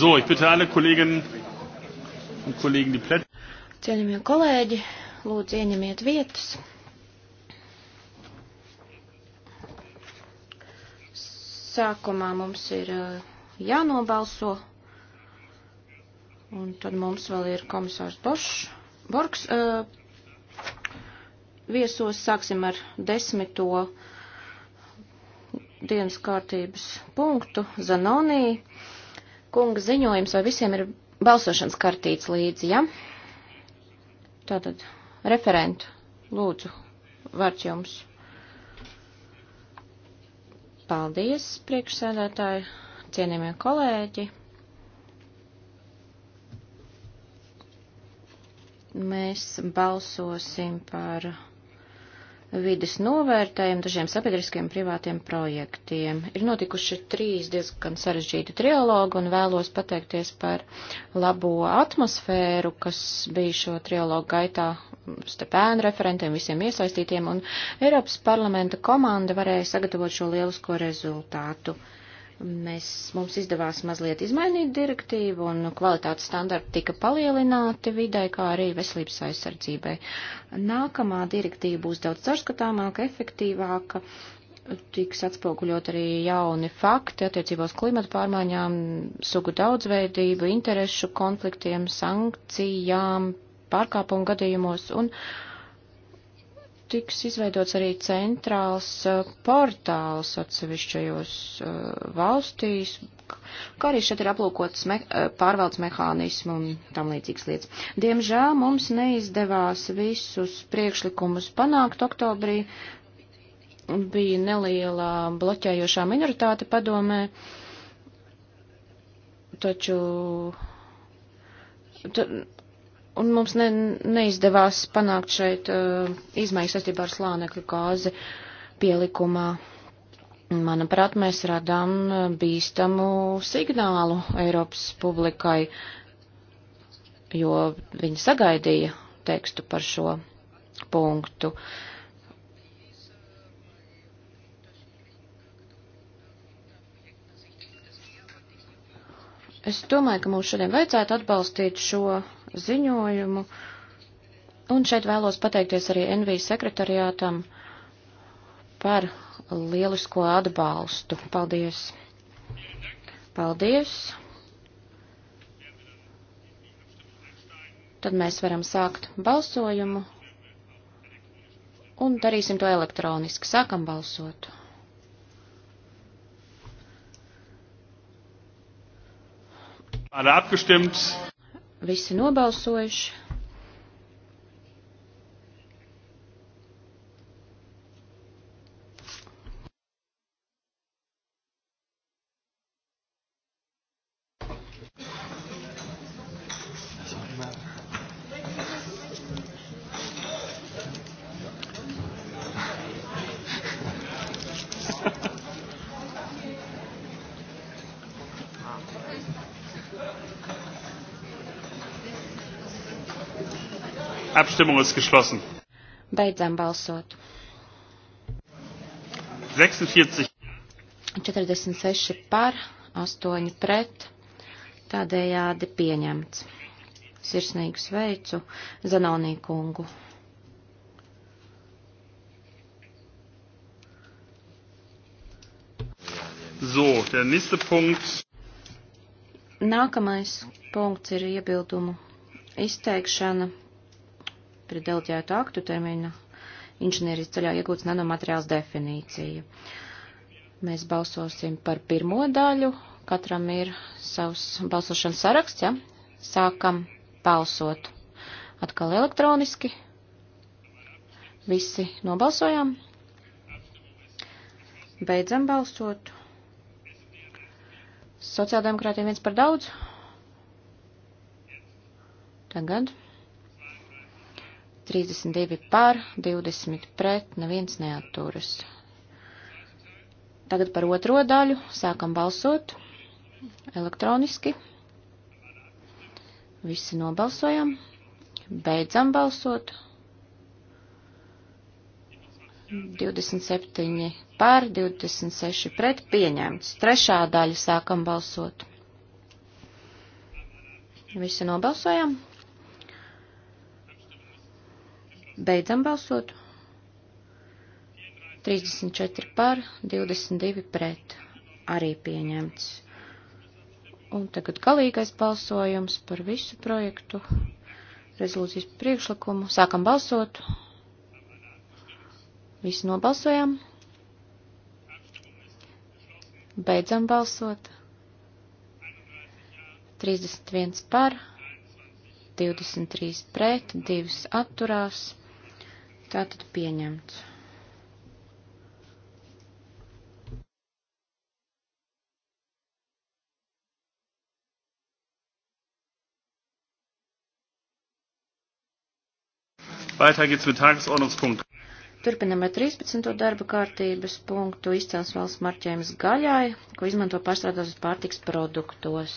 So, ich bitte alle Kolleginnen un kolēģi, die Plätze. Cienījamie kolēģi, lūdzu ieņemiet vietas. Sākumā mums ir uh, jānobalso, un tad mums vēl ir komisārs Bošs, Borgs uh, viesos. Sāksim ar desmito dienas kārtības punktu Zanonī. Uh, kunga ziņojums, vai visiem ir balsošanas kartīts līdzi, ja? Tātad, referentu, lūdzu, vārds jums. Paldies, priekšsēdētāji, cienījamie kolēģi. Mēs balsosim par vides novērtējumu, dažiem sabiedriskiem privātiem projektiem. Ir notikuši trīs diezgan sarežģīti trialogi un vēlos pateikties par labo atmosfēru, kas bija šo trialogu gaitā starp ēnu referentiem, visiem iesaistītiem, un Eiropas parlamenta komanda varēja sagatavot šo lielisko rezultātu. Mēs, mums izdevās mazliet izmainīt direktīvu un kvalitātes standarti tika palielināti vidai, kā arī veselības aizsardzībai. Nākamā direktīva būs daudz caurskatāmāka, efektīvāka, tiks atspoguļot arī jauni fakti attiecībos klimata pārmaiņām, sugu daudzveidību, interešu konfliktiem, sankcijām, pārkāpumu gadījumos un uh, tiks izveidots arī centrāls eh, portāls atsevišķajos eh, valstīs, kā arī šeit ir aplūkots me eh, pārvaldes mehānismu un tam līdzīgas lietas. Diemžēl mums neizdevās visus priekšlikumus panākt oktobrī, bija neliela bloķējošā minoritāte padomē, taču un mums ne, neizdevās panākt šeit uh, izmaiņas saistībā ar slānekļu gāzi pielikumā. Manuprāt, mēs radām uh, bīstamu signālu Eiropas publikai, jo viņi sagaidīja tekstu par šo punktu. Es domāju, ka mums šodien vajadzētu atbalstīt šo ziņojumu. Un šeit vēlos pateikties arī NV sekretariātam par lielisko atbalstu. Paldies! Paldies! Tad mēs varam sākt balsojumu un darīsim to elektroniski. Sākam balsot. Alle abgestimmt. Visi nobalsojuši. Abstimmung ist geschlossen. Beidzam balsot. 46. 46 par, 8 pret, tādējādi pieņemts. Sirsnīgu sveicu Zanonī kungu. So, der nächste Punkt. Nākamais punkts ir iebildumu izteikšana pret deleģētu aktu termina inženierijas ceļā iegūts nanomateriāls definīcija. Mēs balsosim par pirmo daļu. Katram ir savs balsošanas saraksts, ja? Sākam balsot. Atkal elektroniski. Visi nobalsojām. Beidzam balsot. Sociāldemokrātiem viens par daudz. Tagad. 32 par, 20 pret, neviens neaturas. Tagad par otro daļu sākam balsot elektroniski. Visi nobalsojam, beidzam balsot. 27 par, 26 pret pieņemts. Trešā daļa sākam balsot. Visi nobalsojam, Beidzam balsot. 34 par, 22 pret. Arī pieņemts. Un tagad galīgais balsojums par visu projektu. Rezolūcijas priekšlikumu. Sākam balsot. Visi nobalsojam. Beidzam balsot. 31 par, 23 pret, 2 atturās. Tātad pieņemts. Weiter geht's mit Tagesordnungspunkt. Turpinam ar 13. darba kārtības punktu izcelsmes marķējums gaļai, ko izmanto pārstrādātos pārtiks produktos.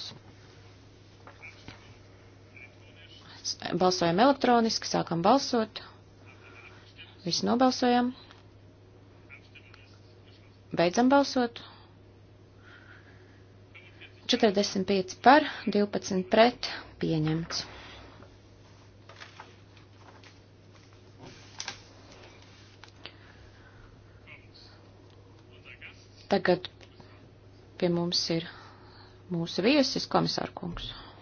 Balsojam elektroniski, sākam balsot. Visi nobalsojam. Beidzam balsot. 45 par, 12 pret, pieņemts. Tagad pie mums ir mūsu viesis komisārkungs. kungs.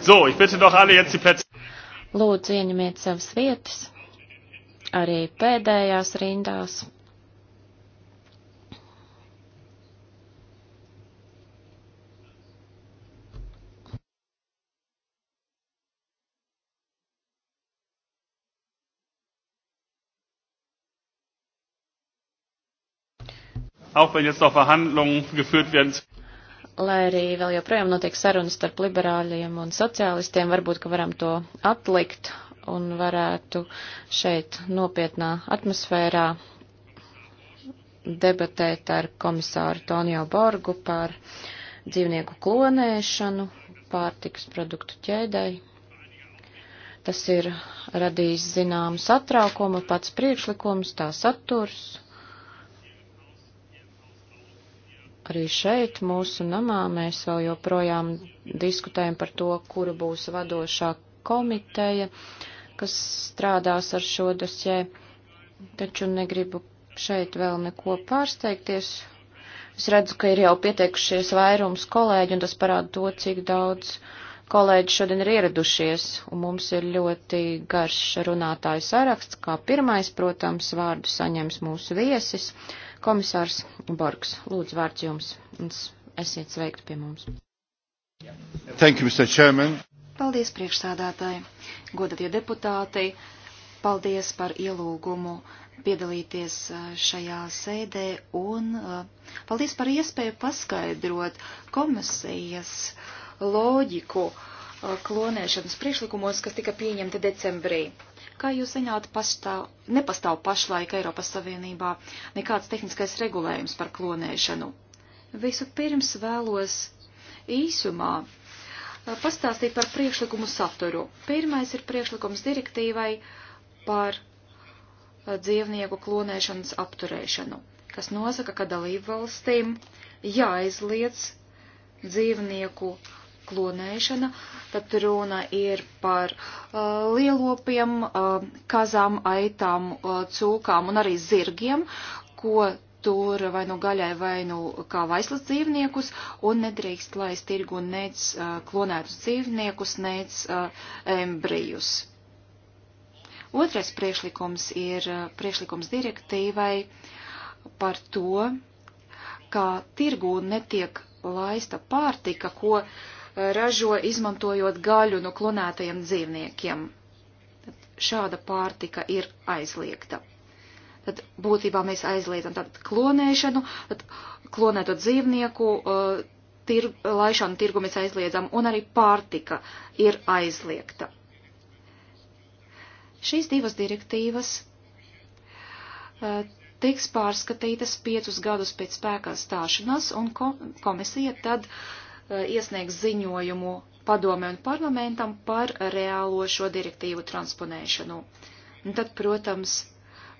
So, ich bitte doch alle jetzt die Plätze. Lūdzu, ieņemiet savas vietas, arī pēdējās rindās. Auch wenn jetzt noch Verhandlungen geführt werden lai arī vēl joprojām notiek sarunas starp liberāļiem un sociālistiem, varbūt, ka varam to atlikt un varētu šeit nopietnā atmosfērā debatēt ar komisāru Tonio Borgu par dzīvnieku klonēšanu pārtikas produktu ķēdai. Tas ir radījis zināmu satraukumu pats priekšlikums, tā saturs Arī šeit, mūsu namā, mēs vēl joprojām diskutējam par to, kura būs vadošā komiteja, kas strādās ar šo dosē, taču negribu šeit vēl neko pārsteigties. Es redzu, ka ir jau pieteikušies vairums kolēģi, un tas parāda to, cik daudz kolēģi šodien ir ieradušies, un mums ir ļoti garš runātāju saraksts, kā pirmais, protams, vārdu saņems mūsu viesis. Komisārs Borgs, lūdzu vārds jums. Esiet sveikti pie mums. Thank you, Mr. Chairman. Paldies priekšsādātāji, godatie deputāti, paldies par ielūgumu piedalīties šajā sēdē un paldies par iespēju paskaidrot komisijas loģiku klonēšanas priekšlikumos, kas tika pieņemti decembrī. Kā jūs zināt, pastāv, nepastāv pašlaik Eiropas Savienībā nekāds tehniskais regulējums par klonēšanu. Vispirms vēlos īsumā eh, pastāstīt par priekšlikumu saturu. Pirmais ir priekšlikums direktīvai par eh, dzīvnieku klonēšanas apturēšanu, kas nosaka, ka dalību valstīm jāaizliedz dzīvnieku klonēšana, tad runa ir par uh, lielopiem, uh, kazām, aitām, uh, cūkām un arī zirgiem, ko tur vai nu gaļai, vai nu kā vaislas dzīvniekus, un nedrīkst laist tirgu nec uh, klonētus dzīvniekus, nec uh, embrijus. Otrais priekšlikums ir uh, priekšlikums direktīvai par to, kā tirgu netiek laista pārtika, ko uh, ražo izmantojot gaļu no klonētajiem dzīvniekiem. Tad šāda pārtika ir aizliegta. Tad būtībā mēs aizliedzam tātad klonēšanu, tad klonēto dzīvnieku uh, tir, laišanu tirgu mēs aizliedzam, un arī pārtika ir aizliegta. Šīs divas direktīvas uh, tiks pārskatītas piecus gadus pēc spēkā stāšanās, un komisija tad uh, Uh, iesniegs ziņojumu padome un parlamentam par reālo šo direktīvu transponēšanu. Un tad, protams,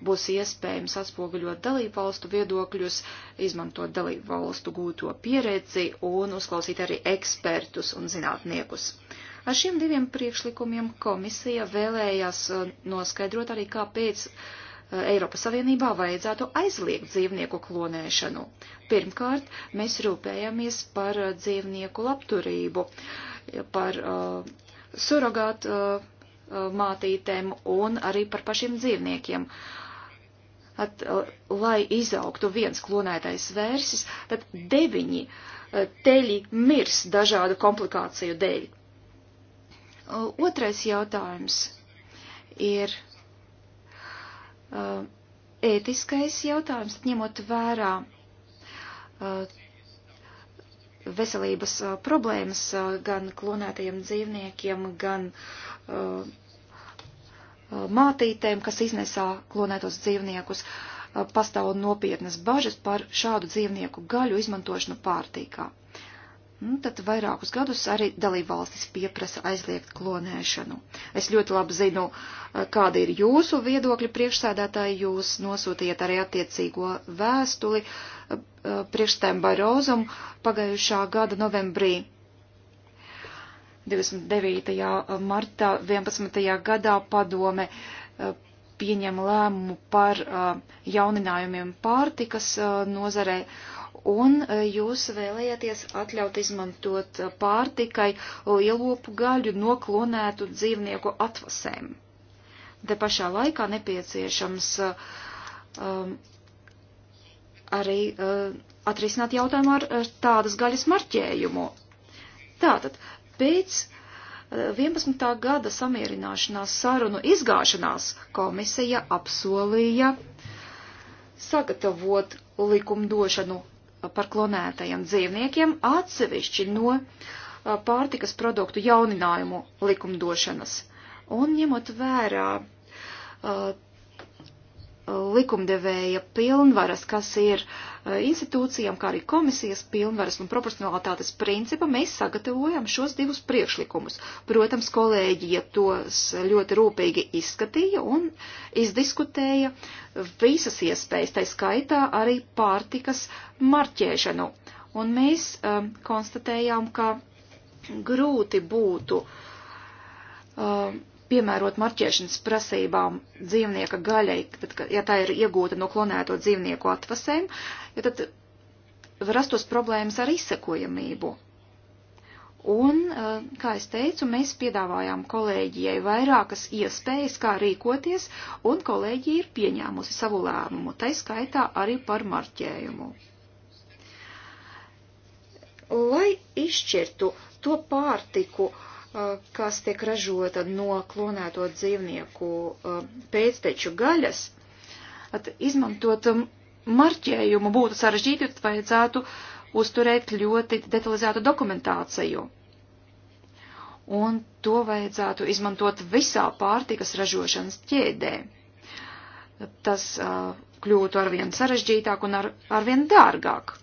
būs iespējams atspoguļot dalību valstu viedokļus, izmantot dalību valstu gūto pieredzi un uzklausīt arī ekspertus un zinātniekus. Ar šiem diviem priekšlikumiem komisija vēlējās uh, noskaidrot arī, kāpēc uh, Eiropas Savienībā vajadzētu aizliegt dzīvnieku klonēšanu. Pirmkārt, mēs rūpējamies par uh, dzīvnieku labturību, par uh, surogāt uh, uh, mātītēm un arī par pašiem dzīvniekiem. At, uh, lai izaugtu viens klonētais vērsis, tad deviņi uh, teļi mirs dažādu komplikāciju dēļ. Uh, otrais jautājums ir uh, ētiskais jautājums, ņemot vērā uh, veselības uh, problēmas uh, gan klonētajiem dzīvniekiem, gan uh, uh mātītēm, kas iznesā klonētos dzīvniekus, uh, pastāv nopietnas bažas par šādu dzīvnieku gaļu izmantošanu pārtīkā. Nu, tad vairākus gadus arī dalībvalstis pieprasa aizliegt klonēšanu. Es ļoti labi zinu, eh, kāda ir jūsu viedokļa priekšsēdētāji. Jūs nosūtījāt arī attiecīgo vēstuli eh, eh, priekšstēm Barozum pagājušā gada novembrī. 29. martā 11. gadā padome pieņem lēmumu par uh, jauninājumiem pārtikas uh, nozarē, un uh, jūs vēlējāties atļaut izmantot pārtikai lielopu gaļu noklonētu dzīvnieku atvasēm. Te pašā laikā nepieciešams um, arī uh, atrisināt jautājumu ar tādas gaļas marķējumu. Tātad, pēc uh, 11. gada samierināšanās sarunu izgāšanās komisija apsolīja sagatavot likumdošanu par klonētajiem dzīvniekiem atsevišķi no pārtikas produktu jauninājumu likumdošanas. Un ņemot vērā likumdevēja pilnvaras, kas ir eh, institūcijām, kā arī komisijas pilnvaras un proporcionalitātes principa, mēs sagatavojam šos divus priekšlikumus. Protams, kolēģija tos ļoti rūpīgi izskatīja un izdiskutēja visas iespējas, tai skaitā arī pārtikas marķēšanu. Un mēs um, konstatējām, ka grūti būtu um, piemērot marķēšanas prasībām dzīvnieka gaļai, tad, ja tā ir iegūta no klonēto dzīvnieku atvasēm, ja tad rastos problēmas ar izsekojamību. Un, eh, kā es teicu, mēs piedāvājām kolēģijai vairākas iespējas, kā rīkoties, un kolēģija ir pieņēmusi savu lēmumu, tai skaitā arī par marķējumu. Lai izšķirtu to pārtiku, uh, Uh, kas tiek ražota no klonēto dzīvnieku uh, pēcteču gaļas, at, izmantot um, marķējumu būtu sarežģīti, tad vajadzētu uzturēt ļoti detalizētu dokumentāciju. Un to vajadzētu izmantot visā pārtikas ražošanas ķēdē. Tas uh, kļūtu arvien sarežģītāk un ar, arvien dārgāk.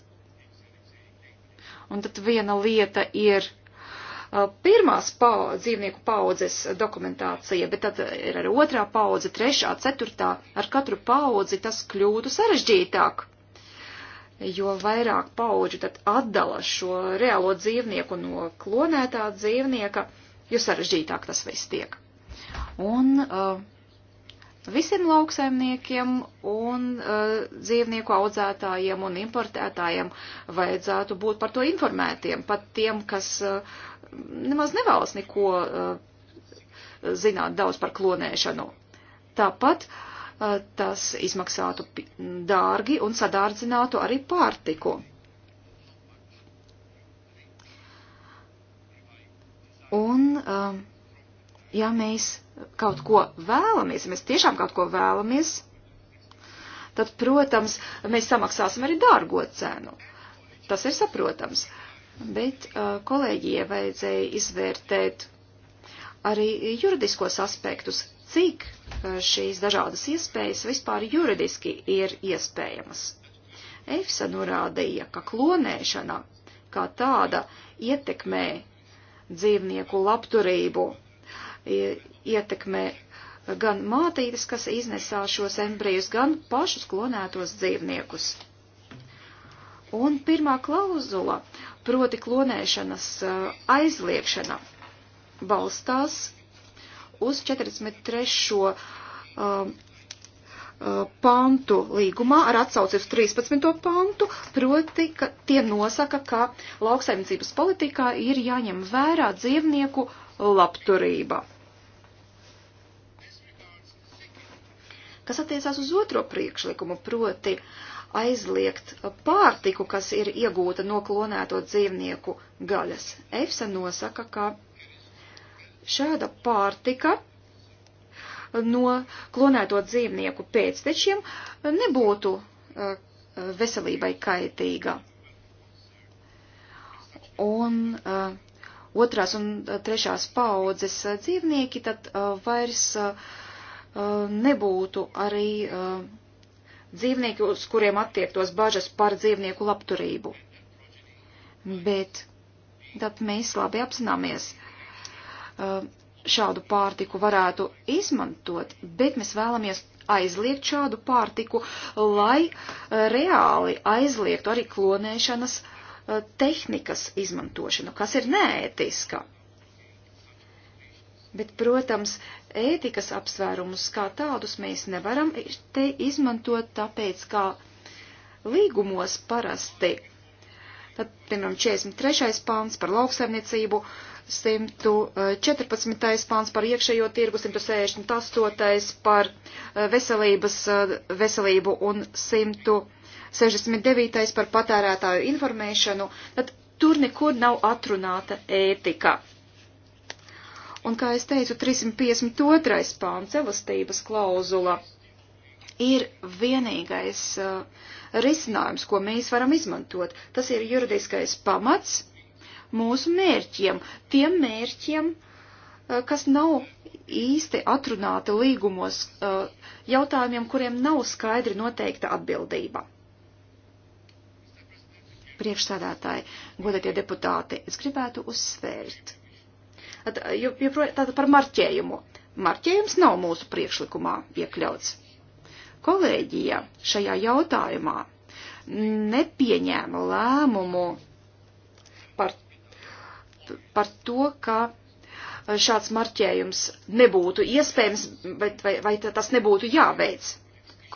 Un tad viena lieta ir Uh, pirmās paudz, dzīvnieku paudzes dokumentācija, bet tad ir arī otrā paudze, trešā, ceturtā. Ar katru paudzi tas kļūtu sarežģītāk, jo vairāk paudžu tad atdala šo reālo dzīvnieku no klonētā dzīvnieka, jo sarežģītāk tas viss tiek. Un uh, visiem lauksaimniekiem un uh, dzīvnieku audzētājiem un importētājiem vajadzētu būt par to informētiem, pat tiem, kas uh, nemaz nevēlas neko uh, zināt daudz par klonēšanu. Tāpat uh, tas izmaksātu dārgi un sadārdzinātu arī pārtiku. Un uh, ja mēs kaut ko vēlamies, ja mēs tiešām kaut ko vēlamies, tad, protams, mēs samaksāsim arī dārgo cenu. Tas ir saprotams. Bet uh, kolēģiem vajadzēja izvērtēt arī juridiskos aspektus, cik uh, šīs dažādas iespējas vispār juridiski ir iespējamas. EFSA norādīja, ka klonēšana kā tāda ietekmē dzīvnieku labturību ietekmē gan mātītes, kas iznesā šos embrijus, gan pašus klonētos dzīvniekus. Un pirmā klauzula, proti klonēšanas aizliekšana, balstās uz 43. Um, pantu līgumā ar atsauci uz 13. pantu, proti, ka tie nosaka, ka lauksaimniecības politikā ir jāņem vērā dzīvnieku labturība. kas attiecās uz otro priekšlikumu, proti aizliegt pārtiku, kas ir iegūta no klonēto dzīvnieku gaļas. EFSA nosaka, ka šāda pārtika no klonēto dzīvnieku pēctečiem nebūtu eh, veselībai kaitīga. Un uh, otrās un eh, trešās paudzes dzīvnieki tad uh, vairs uh, Uh, nebūtu arī uh, dzīvnieki, uz kuriem attiektos bažas par dzīvnieku labturību. Bet tad mēs labi apzināmies, uh, šādu pārtiku varētu izmantot, bet mēs vēlamies aizliegt šādu pārtiku, lai reāli aizliegtu arī klonēšanas tehnikas izmantošanu, kas ir neētiska. Bet, protams, ētikas apsvērumus kā tādus mēs nevaram te izmantot, tāpēc kā līgumos parasti. Tad, piemēram, 43. pāns par lauksaimniecību, 114. pāns par iekšējo tirgu, 168. par eh, veselības, eh, veselību un 169. par patērētāju informēšanu, tad tur nekur nav atrunāta ētika. Un, kā es teicu, 352. pāns elastības klauzula ir vienīgais uh, risinājums, ko mēs varam izmantot. Tas ir juridiskais pamats mūsu mērķiem, tiem mērķiem, uh, kas nav īsti atrunāti līgumos, uh, jautājumiem, kuriem nav skaidri noteikta atbildība. Priekšsādātāji, godatie deputāti, es gribētu uzsvērt Eh, tātad par marķējumu. Marķējums nav mūsu priekšlikumā iekļauts. Kolēģija šajā jautājumā nepieņēma lēmumu par, par to, ka šāds marķējums nebūtu iespējams, bet vai, vai tas nebūtu jāveic.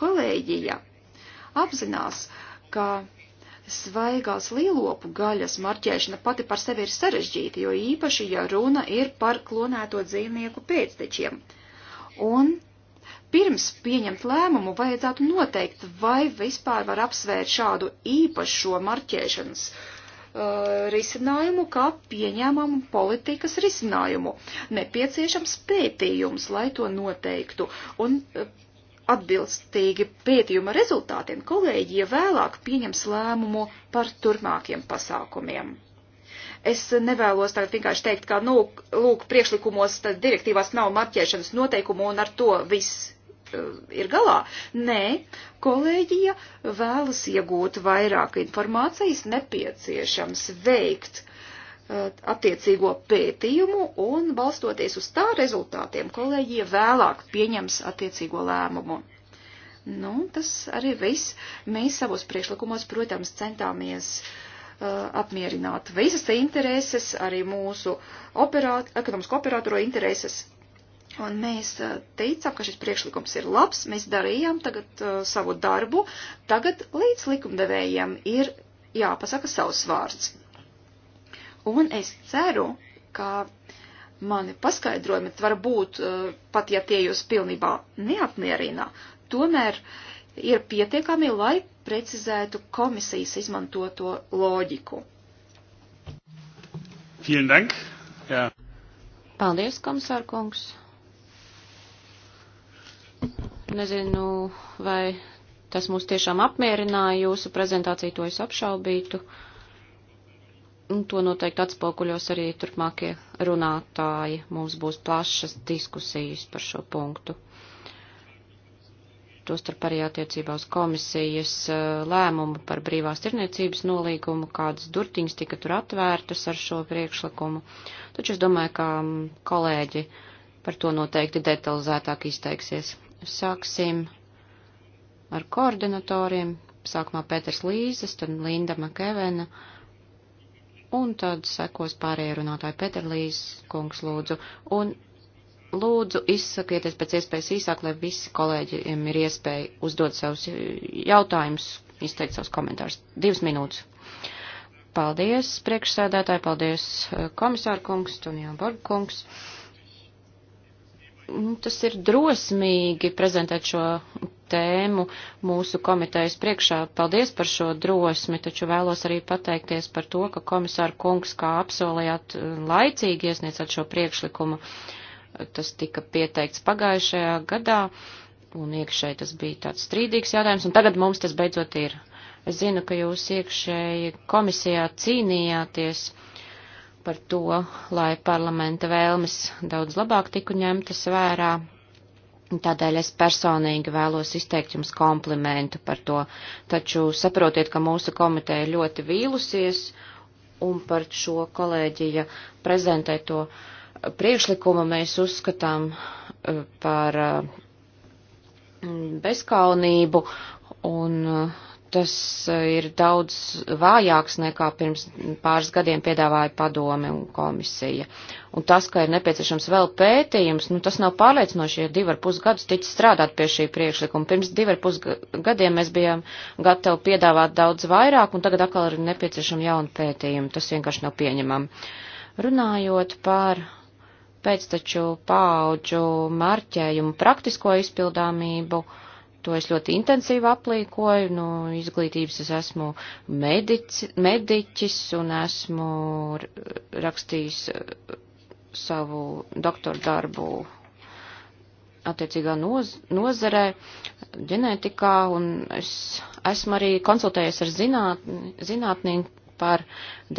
Kolēģija apzinās, ka svaigās lielopu gaļas marķēšana pati par sevi ir sarežģīta, jo īpaši, ja runa ir par klonēto dzīvnieku pēctečiem. Un pirms pieņemt lēmumu vajadzētu noteikt, vai vispār var apsvērt šādu īpašo marķēšanas uh, risinājumu kā pieņēmumu politikas risinājumu. Nepieciešams pētījums, lai to noteiktu, un uh, atbilstīgi pētījuma rezultātiem kolēģija vēlāk pieņems lēmumu par turpmākiem pasākumiem. Es nevēlos tagad vienkārši teikt, ka, nu, lūk, priekšlikumos direktīvās nav marķēšanas noteikumu un ar to viss uh, ir galā. Nē, kolēģija vēlas iegūt vairāk informācijas nepieciešams veikt Eh, attiecīgo pētījumu un balstoties uz tā rezultātiem kolēģija vēlāk pieņems attiecīgo lēmumu. Nu, tas arī viss. Mēs savos priekšlikumos, protams, centāmies uh, apmierināt visas te intereses, arī mūsu operāt, ekonomisko operatoru intereses. Un mēs uh, teicām, ka šis priekšlikums ir labs, mēs darījām tagad uh, savu darbu, tagad līdz likumdevējiem ir jāpasaka savs vārds. Un es ceru, ka mani paskaidrojumi, varbūt eh, pat ja tie jūs pilnībā neapmierina, tomēr ir pietiekami, lai precizētu komisijas izmantoto loģiku. Vielen Dank. Jā. Paldies, komisārkungs. Nezinu, vai tas mūs tiešām apmierināja, jūsu prezentāciju to es apšaubītu. Un to noteikti atspoguļos arī turpmākie runātāji. Mums būs plašas diskusijas par šo punktu. Tostarp arī attiecībā uz komisijas eh, lēmumu par brīvās tirniecības nolīgumu, kādas durtiņas tika tur atvērtas ar šo priekšlikumu. Taču es domāju, ka mm, kolēģi par to noteikti detalizētāk izteiksies. Sāksim ar koordinatoriem. Sākumā Pēters Līzes, tad Linda Makevena un tad sekos pārējie runātāji Peterlīs, kungs lūdzu, un lūdzu izsakieties pēc iespējas īsāk, lai visi kolēģiem ir iespēja uzdot savus jautājumus, izteikt savus komentārus. Divas minūtes. Paldies, priekšsēdētāji, paldies, eh, komisāra kungs, Tunijā Borga kungs. Mm, tas ir drosmīgi prezentēt šo tēmu mūsu komitejas priekšā. Paldies par šo drosmi, taču vēlos arī pateikties par to, ka komisāra kungs, kā apsolējāt, eh, laicīgi iesniedzat šo priekšlikumu. Tas tika pieteikts pagājušajā gadā, un iekšēji tas bija tāds strīdīgs jautājums, un tagad mums tas beidzot ir. Es zinu, ka jūs iekšēji komisijā cīnījāties par to, lai parlamenta vēlmes daudz labāk tiku ņemtas vērā. Tādēļ es personīgi vēlos izteikt jums komplimentu par to, taču saprotiet, ka mūsu komiteja ļoti vīlusies un par šo kolēģija prezentēto priekšlikumu mēs uzskatām eh, par eh, bezkaunību un uh, tas eh, ir daudz vājāks nekā pirms pāris gadiem piedāvāja padome un komisija. Un tas, ka ir nepieciešams vēl pētījums, nu, tas nav pārliecinoši, ja divi ar pus gadus tic strādāt pie šī priekšlikuma. Pirms divi ar pus gadiem mēs bijām gatavi piedāvāt daudz vairāk, un tagad atkal ir nepieciešama jauna pētījuma. Tas vienkārši nav pieņemami. Runājot par pēctaču paauģu marķējumu praktisko izpildāmību, uh, To es ļoti intensīvi aplīkoju, no nu, izglītības es esmu medici, mediķis un esmu rakstījis uh, savu doktoru darbu attiecīgā noz nozarē, ģenētikā, un es esmu arī konsultējies ar zināt, zinātnieku par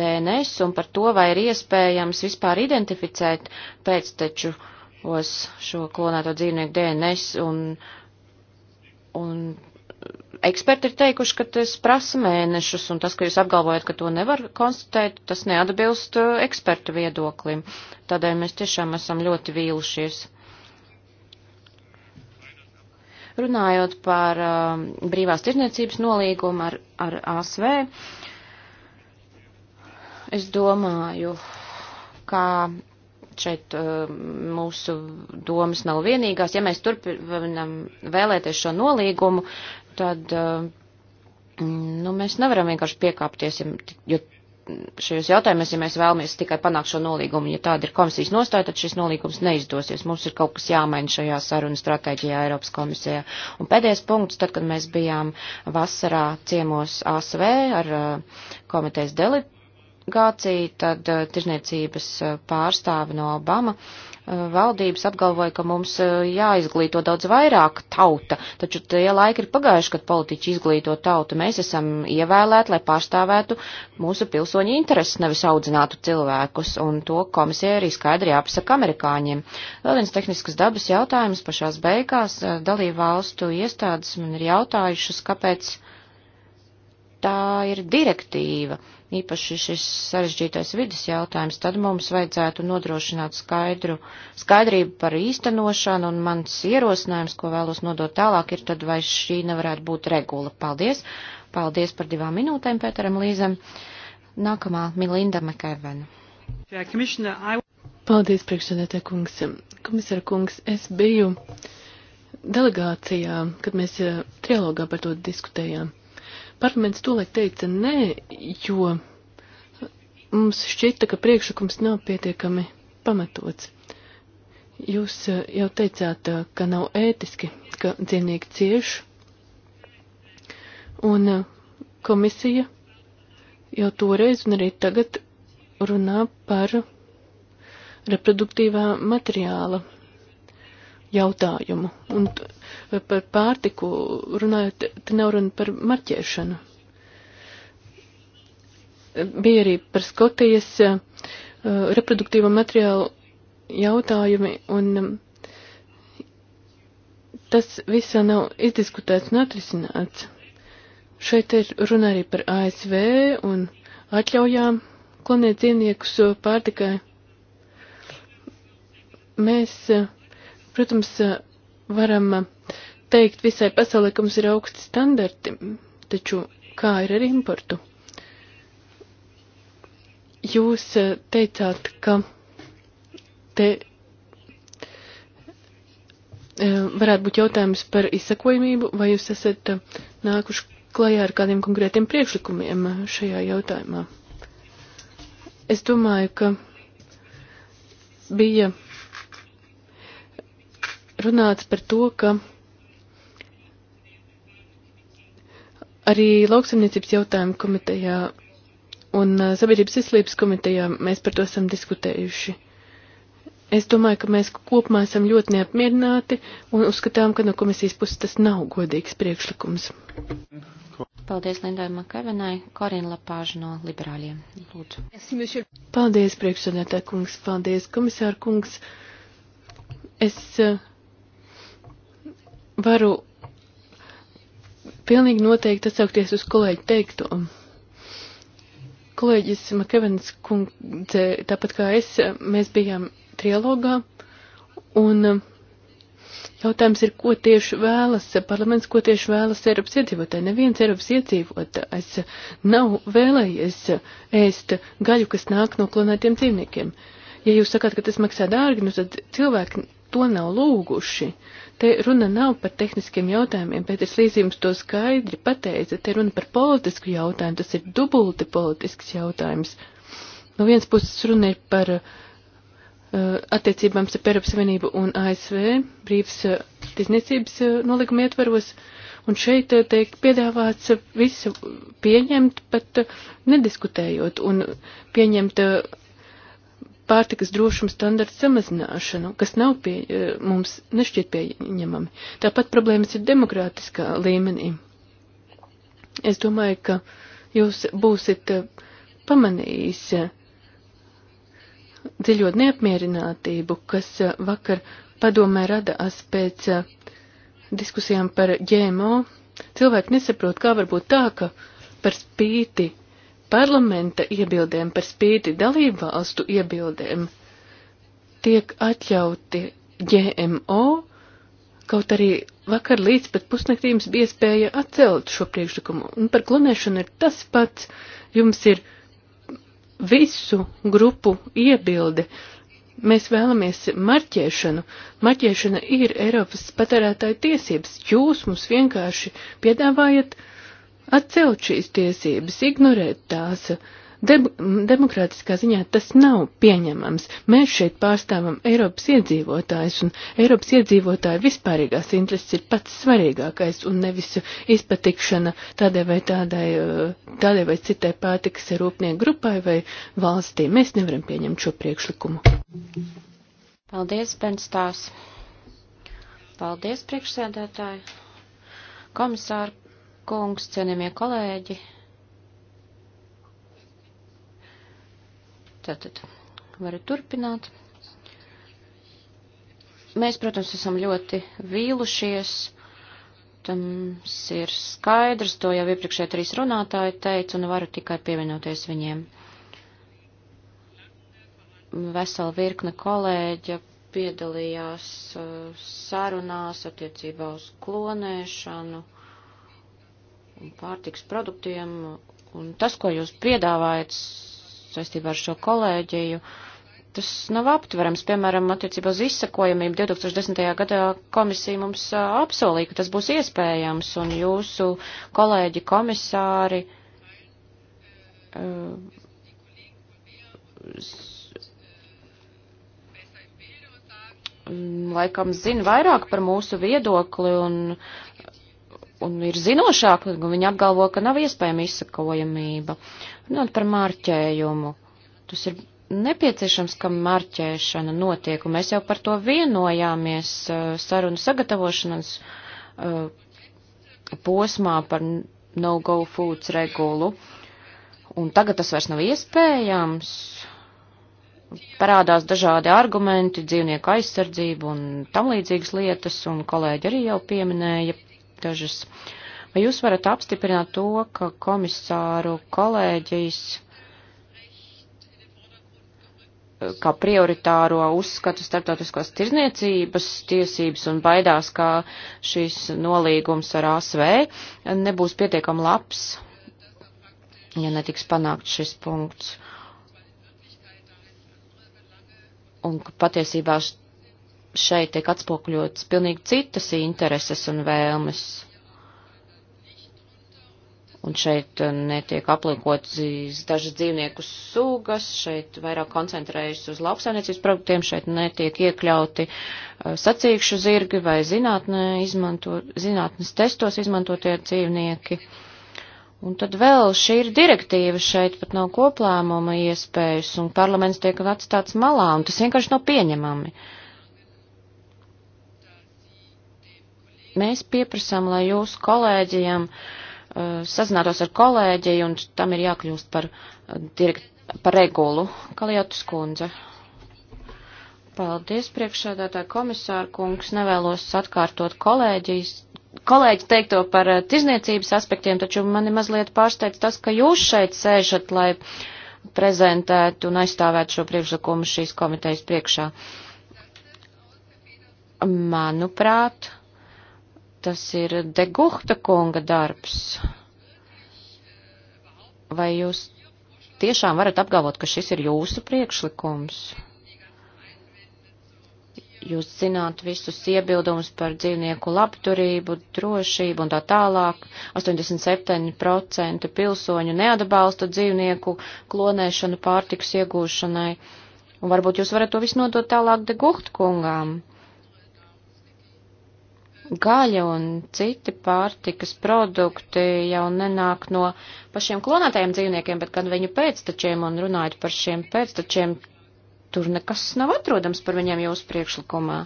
DNS un par to, vai ir iespējams vispār identificēt pēcteču šo klonēto dzīvnieku DNS, un Un eh, eksperti ir teikuši, ka tas prasa mēnešus, un tas, ka jūs apgalvojat, ka to nevar konstatēt, tas neatbilst eh, ekspertu viedoklim. Tādēļ mēs tiešām esam ļoti vīlušies. Runājot par uh, brīvās tirniecības nolīgumu ar, ar ASV, es domāju, kā šeit eh, mūsu domas nav vienīgās. Ja mēs turpinam vēlēties šo nolīgumu, tad eh, nu, mēs nevaram vienkārši piekāpties, jo šajos jautājumos, ja mēs vēlamies tikai panākt šo nolīgumu, ja tāda ir komisijas nostāja, tad šis nolīgums neizdosies. Mums ir kaut kas jāmaina šajā sarunu stratēģijā Eiropas komisijā. Un pēdējais punkts, tad, kad mēs bijām vasarā ciemos ASV ar eh, komitejas delegāciju, delegācija, tad eh, tirzniecības eh, pārstāve no Obama eh, valdības apgalvoja, ka mums jāizglīto daudz vairāk tauta, taču tie laiki ir pagājuši, kad politiķi izglīto tautu. Mēs esam ievēlēti, lai pārstāvētu mūsu pilsoņu intereses, nevis audzinātu cilvēkus, un to komisija arī skaidri jāpasaka amerikāņiem. Vēl viens tehniskas dabas jautājums pašās beigās. Dalību valstu iestādes man ir jautājušas, kāpēc. Uh, tā ir direktīva, īpaši šis sarežģītais vidas jautājums, tad mums vajadzētu nodrošināt skaidru, skaidrību par īstenošanu, un mans ierosinājums, ko vēlos nodot tālāk, ir tad, vai šī nevarētu būt regula. Paldies! Paldies par divām minūtēm, Pēteram Līzem. Nākamā Milinda Mekevena. Paldies, priekšsēdētē kungs. Komisāra kungs, es biju delegācijā, kad mēs eh, trialogā par to diskutējām. Parlaments tolaik teica nē, jo mums šķita, ka priekšlikums nav pietiekami pamatots. Jūs eh, jau teicāt, eh, ka nav ētiski, ka dzīvnieki cieš, un eh, komisija jau toreiz un arī tagad runā par reproduktīvā materiāla jautājumu. Un par pārtiku runājot, te nav runa par marķēšanu. Bija arī par Skotijas e, reproduktīvo materiālu jautājumi, un e, tas visā nav izdiskutēts un atrisināts. Šeit ir runa arī par ASV un atļaujām klonēt dzīvniekus pārtikai. Mēs uh, Protams, varam teikt visai pasaulē, ka mums ir augsti standarti, taču kā ir ar importu? Jūs teicāt, ka te e, varētu būt jautājums par izsakojumību, vai jūs esat nākuši klajā ar kādiem konkrētiem priekšlikumiem šajā jautājumā? Es domāju, ka bija runāts par to, ka arī lauksamniecības jautājumu komitejā un uh, sabiedrības izslības komitejā mēs par to esam diskutējuši. Es domāju, ka mēs kopumā esam ļoti neapmierināti un uzskatām, ka no komisijas puses tas nav godīgs priekšlikums. Paldies Lindai Makavenai, Korina Lapāža no liberāļiem. Lūdzu. Paldies, priekšsēdētāj kungs, paldies, komisāra kungs. Es uh, varu pilnīgi noteikti atsaukties uz kolēģi teikto. Kolēģis Makevens kundze, tāpat kā es, mēs bijām trialogā, un jautājums ir, ko tieši vēlas parlaments, ko tieši vēlas Eiropas iedzīvotāji. Neviens Eiropas iedzīvotājs nav vēlējies ēst gaļu, kas nāk no klonētiem dzīvniekiem. Ja jūs sakāt, ka tas maksā dārgi, nu tad cilvēki to nav lūguši. Uh, Te runa nav par tehniskiem jautājumiem, Pēters Līzīms to skaidri pateica, te runa par politisku jautājumu, tas ir dubulti politisks jautājums. No vienas puses runa ir par uh, attiecībām starp Eiropas Savienību un ASV brīvs uh, tiesniecības uh, nolikuma ietvaros, un šeit uh, tiek piedāvāts uh, visu pieņemt, pat uh, nediskutējot, un pieņemt uh, pārtikas drošuma standartu samazināšanu, kas nav pie, e, mums nešķiet pieņemami. Tāpat problēmas ir demokrātiskā līmenī. Es domāju, ka jūs būsiet e, pamanījis e, dziļot neapmierinātību, kas vakar padomē radās pēc diskusijām par ģēmo. Cilvēki nesaprot, kā var būt tā, ka par spīti parlamenta iebildēm par spīti dalību valstu iebildēm tiek atļauti GMO, kaut arī vakar līdz pat pusnaktīm bija iespēja atcelt šo priekšlikumu. Un par klonēšanu ir tas pats, jums ir visu grupu iebilde. Mēs vēlamies marķēšanu. Marķēšana ir Eiropas patērētāju tiesības. Jūs mums vienkārši piedāvājat uh, atcelt šīs tiesības, ignorēt tās. Deb demokrātiskā ziņā tas nav pieņemams. Mēs šeit pārstāvam Eiropas iedzīvotājus, un Eiropas iedzīvotāju vispārīgās intereses ir pats svarīgākais, un nevis izpatikšana tādai vai tādai, eh, tādai vai citai pārtikas rūpnieku grupai vai valstī. Mēs nevaram pieņemt šo priekšlikumu. Paldies, Benstāvs. Paldies, priekšsēdētāji. Komisāra kungs, cienījamie kolēģi. Tātad, varu turpināt. Mēs, protams, esam ļoti vīlušies. Tams ir skaidrs, to jau iepriekšēji trīs runātāji teica, un varu tikai pievienoties viņiem. Vesela virkne kolēģa piedalījās uh, sarunās attiecībā uz klonēšanu pārtiks produktiem, un tas, ko jūs piedāvājat saistībā ar šo kolēģiju, tas nav aptverams. Piemēram, attiecībā uz izsakojamību 2010. gadā komisija mums apsolīja, ka tas būs iespējams, un jūsu kolēģi komisāri laikam zina vairāk par mūsu viedokli un un ir zinošāk, un viņi apgalvo, ka nav iespējama izsakojamība. Runāt par mārķējumu. Tas ir nepieciešams, ka marķēšana notiek, un mēs jau par to vienojāmies uh, sarunu sagatavošanas uh, posmā par no-go foods regulu, un tagad tas vairs nav iespējams. Parādās dažādi argumenti, dzīvnieku aizsardzību un tam līdzīgas lietas, un kolēģi arī jau pieminēja robežas. Vai jūs varat apstiprināt to, ka komisāru kolēģijas eh, kā prioritāro uzskatu starptautiskās tirzniecības tiesības un baidās, ka šis nolīgums ar ASV nebūs pietiekam labs, ja netiks panākt šis punkts? Un ka patiesībā šeit tiek atspokļots pilnīgi citas intereses un vēlmes. Un šeit uh, netiek aplikotas dažas dzīvnieku sugas, šeit vairāk koncentrējas uz lauksainiecības produktiem, šeit netiek iekļauti uh, sacīkšu zirgi vai zinātnē izmanto, zinātnes testos izmantotie dzīvnieki. Un tad vēl šī ir direktīva, šeit pat nav koplēmuma iespējas, un parlaments tiek atstāts malā, un tas vienkārši nav pieņemami. Uh, Mēs pieprasām, lai jūsu kolēģijam uh, sazinātos ar kolēģiju, un tam ir jākļūst par, uh, direkt, par regulu. Kaliotas kundze. Paldies, priekšsēdētāja komisāra kungs. Nevēlos atkārtot kolēģijas kolēģi teikto par uh, tirzniecības aspektiem, taču mani mazliet pārsteidz tas, ka jūs šeit sēžat, lai prezentētu un aizstāvētu šo priekšlikumu šīs komitejas priekšā. Manuprāt, tas ir Degukta kunga darbs. Vai jūs tiešām varat apgalvot, ka šis ir jūsu priekšlikums? Jūs zināt visus iebildumus par dzīvnieku labturību, drošību un tā tālāk. 87% pilsoņu neatbalsta dzīvnieku klonēšanu pārtiks iegūšanai. Un varbūt jūs varat to visu nodot tālāk Degukta kungām gaļa un citi pārtikas produkti jau nenāk no pašiem klonētajiem dzīvniekiem, bet gan viņu pēctečiem un runājot par šiem pēctečiem, tur nekas nav atrodams par viņiem jūsu priekšlikumā.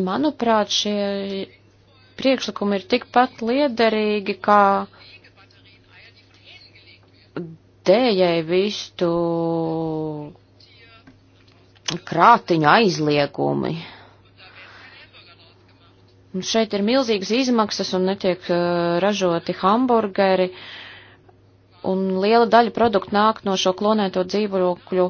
Manuprāt, šie priekšlikumi ir tikpat liederīgi kā dējai vistu krātiņu aizliegumi. Un šeit ir milzīgas izmaksas un netiek uh, ražoti hamburgeri, un liela daļa produktu nāk no šo klonēto dzīvokļu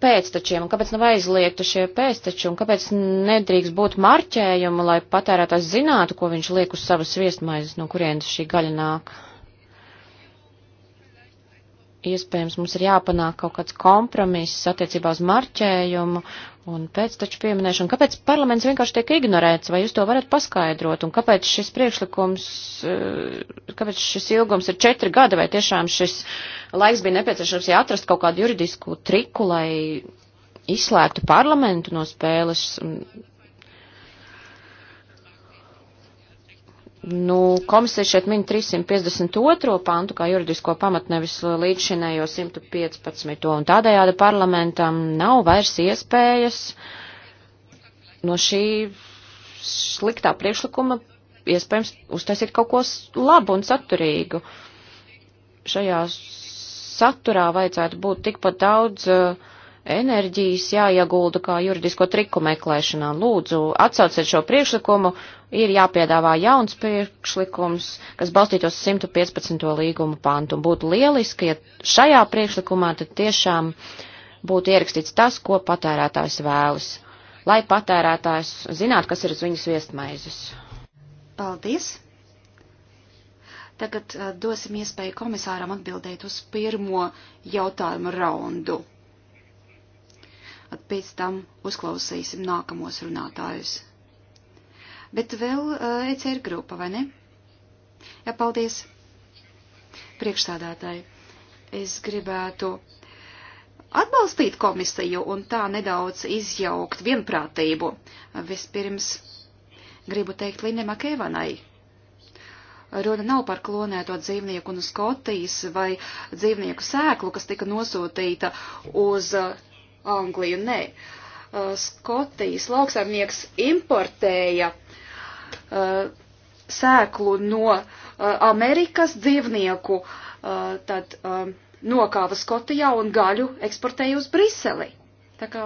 pēctečiem. Un kāpēc nav aizliegta šie pēcteči, un kāpēc nedrīkst būt marķējuma, lai patērētājs zinātu, ko viņš liek uz savas viestmaizes, no kurienes šī gaļa nāk? iespējams mums ir jāpanāk kaut kāds kompromiss attiecībā uz marķējumu un pēc taču pieminēšanu. Kāpēc parlaments vienkārši tiek ignorēts, vai jūs to varat paskaidrot, un kāpēc šis priekšlikums, eh, kāpēc šis ilgums ir četri gadi, vai tiešām šis laiks bija nepieciešams, ja atrast kaut kādu juridisku triku, lai izslēgtu parlamentu no spēles? Un Nu, komisija šeit min 352. pantu kā juridisko pamatu nevis līdzšinējo 115. un tādējādi parlamentam nav vairs iespējas no šī sliktā priekšlikuma iespējams uztaisīt kaut ko labu un saturīgu. Šajā saturā vajadzētu būt tikpat daudz uh, enerģijas jāiegulda kā juridisko triku meklēšanā. Lūdzu, atsauciet šo priekšlikumu, ir jāpiedāvā jauns priekšlikums, kas balstītos 115. līguma pantu. Būtu lieliski, ja šajā priekšlikumā tad tiešām būtu ierakstīts tas, ko patērētājs vēlas, lai patērētājs zinātu, kas ir uz viņas viestmaizes. Paldies! Tagad uh, dosim iespēju komisāram atbildēt uz pirmo jautājumu raundu. At pēc tam uzklausīsim nākamos runātājus. Bet vēl uh, eh, ECR grupa, vai ne? Jā, paldies. Priekšstādātāji, es gribētu atbalstīt komisiju un tā nedaudz izjaukt vienprātību. Vispirms gribu teikt Linne Makēvanai. Runa nav par klonēto dzīvnieku no Skotijas vai dzīvnieku sēklu, kas tika nosūtīta uz eh, Angliju. Nē, uh, Skotijas lauksaimnieks importēja uh, sēklu no uh, Amerikas dzīvnieku, tad um, nokāva Skotijā un gaļu eksportēja uz Briseli. Tā kā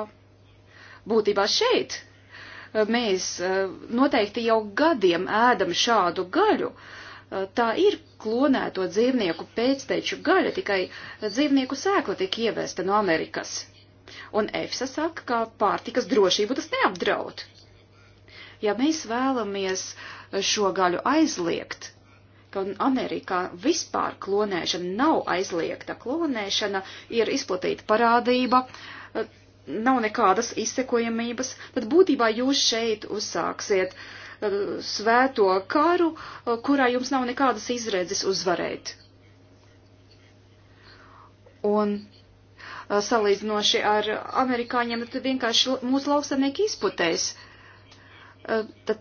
būtībā šeit mēs noteikti jau gadiem ēdam šādu gaļu. Tā ir klonēto dzīvnieku pēcteču gaļa, tikai dzīvnieku sēkla tika ievesta no Amerikas. Un EFSA saka, ka pārtikas drošību tas neapdraud. Ja mēs vēlamies šo gaļu aizliegt, ka Amerikā vispār klonēšana nav aizliegta, klonēšana ir izplatīta parādība, nav nekādas izsekojamības, tad būtībā jūs šeit uzsāksiet eh, svēto karu, eh, kurā jums nav nekādas izredzes uzvarēt. Un salīdzinoši ar amerikāņiem, tad vienkārši mūsu lauksamnieki izputēs. Tad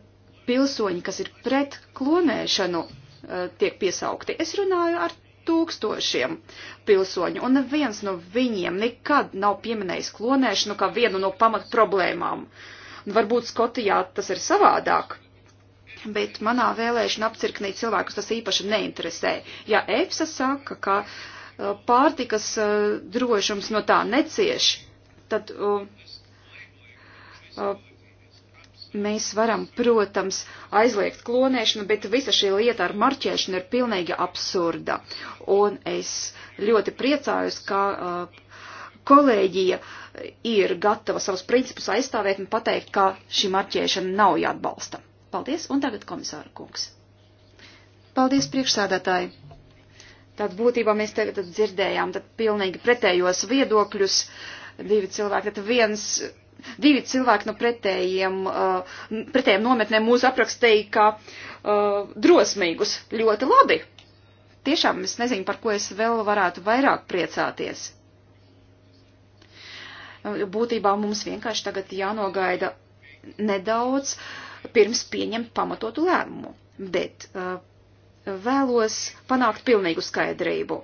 pilsoņi, kas ir pret klonēšanu, tiek piesaukti. Es runāju ar tūkstošiem pilsoņu, un neviens no viņiem nekad nav pieminējis klonēšanu kā vienu no pamat problēmām. Un varbūt Skotijā tas ir savādāk, bet manā vēlēšana apcirknī cilvēkus tas īpaši neinteresē. Ja EFSA saka, ka uh, pārtikas drošums no tā necieš, tad mēs varam, protams, aizliegt klonēšanu, bet visa šī lieta ar marķēšanu ir pilnīgi absurda. Un es ļoti priecājos, ka uh, kolēģija ir gatava savus principus aizstāvēt un pateikt, ka šī marķēšana nav jāatbalsta. Paldies, un tagad komisāra kungs. Paldies, priekšsēdētāji. Tad būtībā mēs tagad dzirdējām tad pilnīgi pretējos viedokļus. Divi cilvēki, tad viens, divi cilvēki no pretējiem, uh, pretējiem nometnēm mūs aprakstīja kā uh, drosmīgus. Ļoti labi. Tiešām es nezinu, par ko es vēl varētu vairāk priecāties. Uh, būtībā mums vienkārši tagad jānogaida nedaudz pirms pieņemt pamatotu lēmumu. Bet uh, vēlos panākt pilnīgu skaidrību.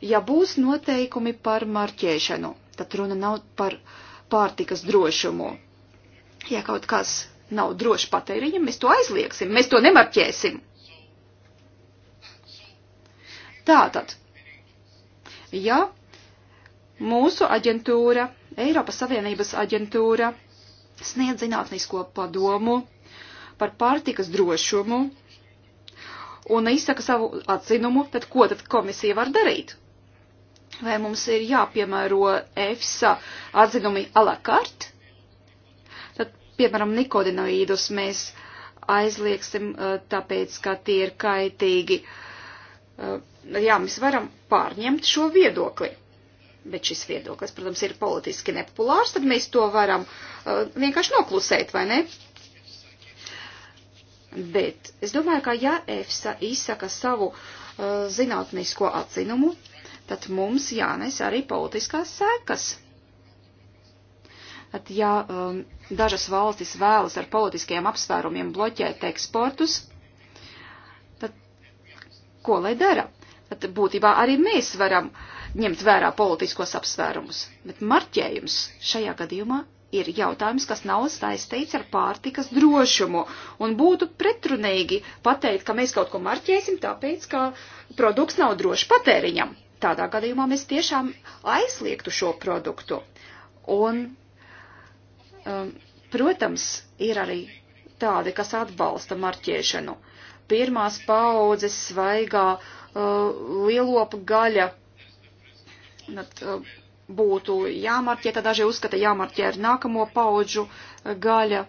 Ja būs noteikumi par marķēšanu, tad runa nav par pārtikas drošumu. Ja kaut kas nav droši patēriņam, mēs to aizliegsim, mēs to nemarķēsim. Tātad, ja mūsu aģentūra, Eiropas Savienības aģentūra, sniedz zinātnisko padomu par pārtikas drošumu, un izsaka savu atzinumu, tad ko tad komisija var darīt? Vai mums ir jāpiemēro EFSA atzinumi a la carte? Tad, piemēram, nikodinoīdus mēs aizliegsim, tāpēc, ka tie ir kaitīgi. Jā, mēs varam pārņemt šo viedokli. Bet šis viedoklis, protams, ir politiski nepopulārs, tad mēs to varam vienkārši noklusēt, vai ne? Bet es domāju, ka ja EFSA izsaka savu uh, zinātnisko atzinumu, tad mums jānes arī politiskās sekas. Tad, ja um, dažas valstis vēlas ar politiskiem apsvērumiem bloķēt eksportus, tad ko lai dara? Tad būtībā arī mēs varam ņemt vērā politiskos apsvērumus, bet marķējums šajā gadījumā ir jautājums, kas nav saistīts ar pārtikas drošumu. Un būtu pretrunīgi pateikt, ka mēs kaut ko marķēsim, tāpēc, ka produkts nav drošs patēriņam. Tādā gadījumā mēs tiešām aizliegtu šo produktu. Un, um, protams, ir arī tādi, kas atbalsta marķēšanu. Pirmās paudzes svaigā uh, lielopa gaļa. Not, nu, uh, būtu jāmarķē, tad daži uzskata jāmarķē ar nākamo paudžu eh, gaļa.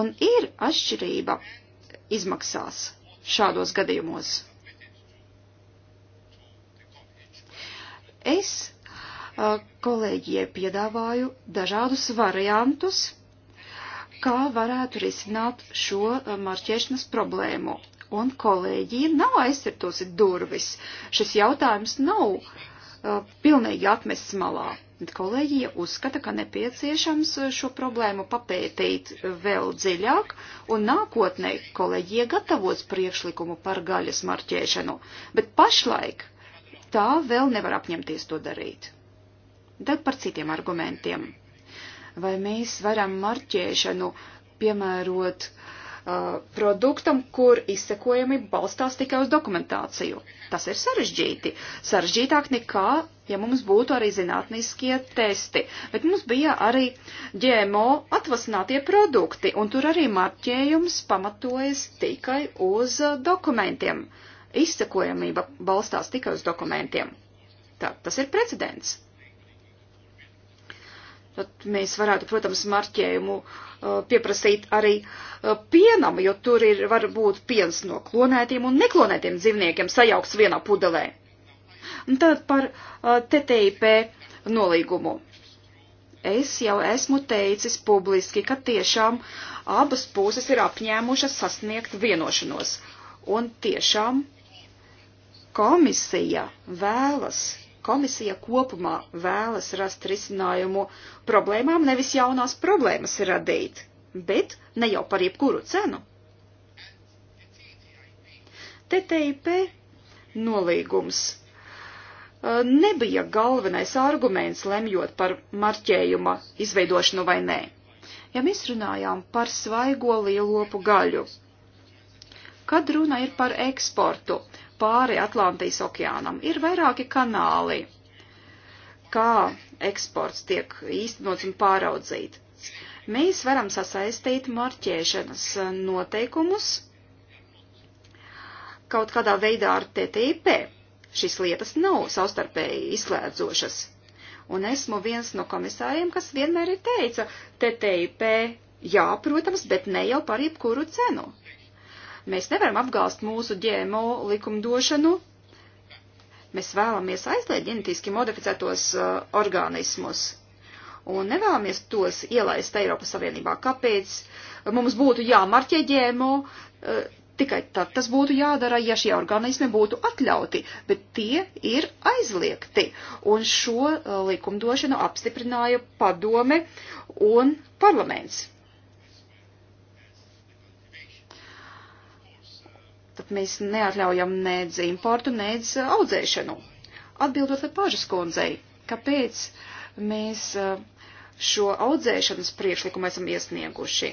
Un ir atšķirība izmaksās šādos gadījumos. Es eh, kolēģiem piedāvāju dažādus variantus, kā varētu risināt šo eh, marķēšanas problēmu un kolēģiem nav aizsirtusi durvis. Šis jautājums nav uh, pilnīgi atmests malā. Kolēģija uzskata, ka nepieciešams uh, šo problēmu papētīt vēl dziļāk, un nākotnē kolēģija gatavos priekšlikumu par gaļas marķēšanu, bet pašlaik tā vēl nevar apņemties to darīt. Tad par citiem argumentiem. Vai mēs varam marķēšanu piemērot uh, Uh, produktam, kur izsekojami balstās tikai uz dokumentāciju. Tas ir sarežģīti. Sarežģītāk nekā, ja mums būtu arī zinātniskie testi. Bet mums bija arī GMO atvasinātie produkti, un tur arī marķējums pamatojas tikai uz uh, dokumentiem. Izsekojamība balstās tikai uz dokumentiem. Tā, tas ir precedents. Tad mēs varētu, protams, marķējumu uh, pieprasīt arī uh, pienam, jo tur ir varbūt piens no klonētiem un neklonētiem dzīvniekiem sajauks vienā pudelē. Un tad par uh, TTIP nolīgumu. Es jau esmu teicis publiski, ka tiešām abas puses ir apņēmušas sasniegt vienošanos. Un tiešām komisija vēlas komisija kopumā vēlas rast risinājumu problēmām, nevis jaunās problēmas radīt, bet ne jau par jebkuru cenu. TTIP nolīgums eh, nebija galvenais arguments lemjot par marķējuma izveidošanu vai nē. Ja mēs runājām par svaigo lielopu gaļu, kad runa ir par eksportu, pāri Atlantijas okeānam. Ir vairāki kanāli, kā eksports tiek īstenots un pāraudzīts. Mēs varam sasaistīt marķēšanas noteikumus kaut kādā veidā ar TTIP. Šis lietas nav savstarpēji izslēdzošas. Un esmu viens no komisāriem, kas vienmēr ir teica, TTIP, jā, protams, bet ne jau par jebkuru cenu Mēs nevaram apgalst mūsu ģēmo likumdošanu. Mēs vēlamies aizliegt ģenetiski modificētos uh, organismus un nevēlamies tos ielaist Eiropas Savienībā. Kāpēc mums būtu jāmarķē ģēmo? Uh, tikai tad tas būtu jādara, ja šie organismi būtu atļauti, bet tie ir aizliegti. Un šo uh, likumdošanu apstiprināja padome un parlaments. Tad mēs neatļaujam nedz importu, nedz uh, audzēšanu. Atbildot Lepāžas kundzei, kāpēc mēs uh, šo audzēšanas priekšlikumu esam iesnieguši?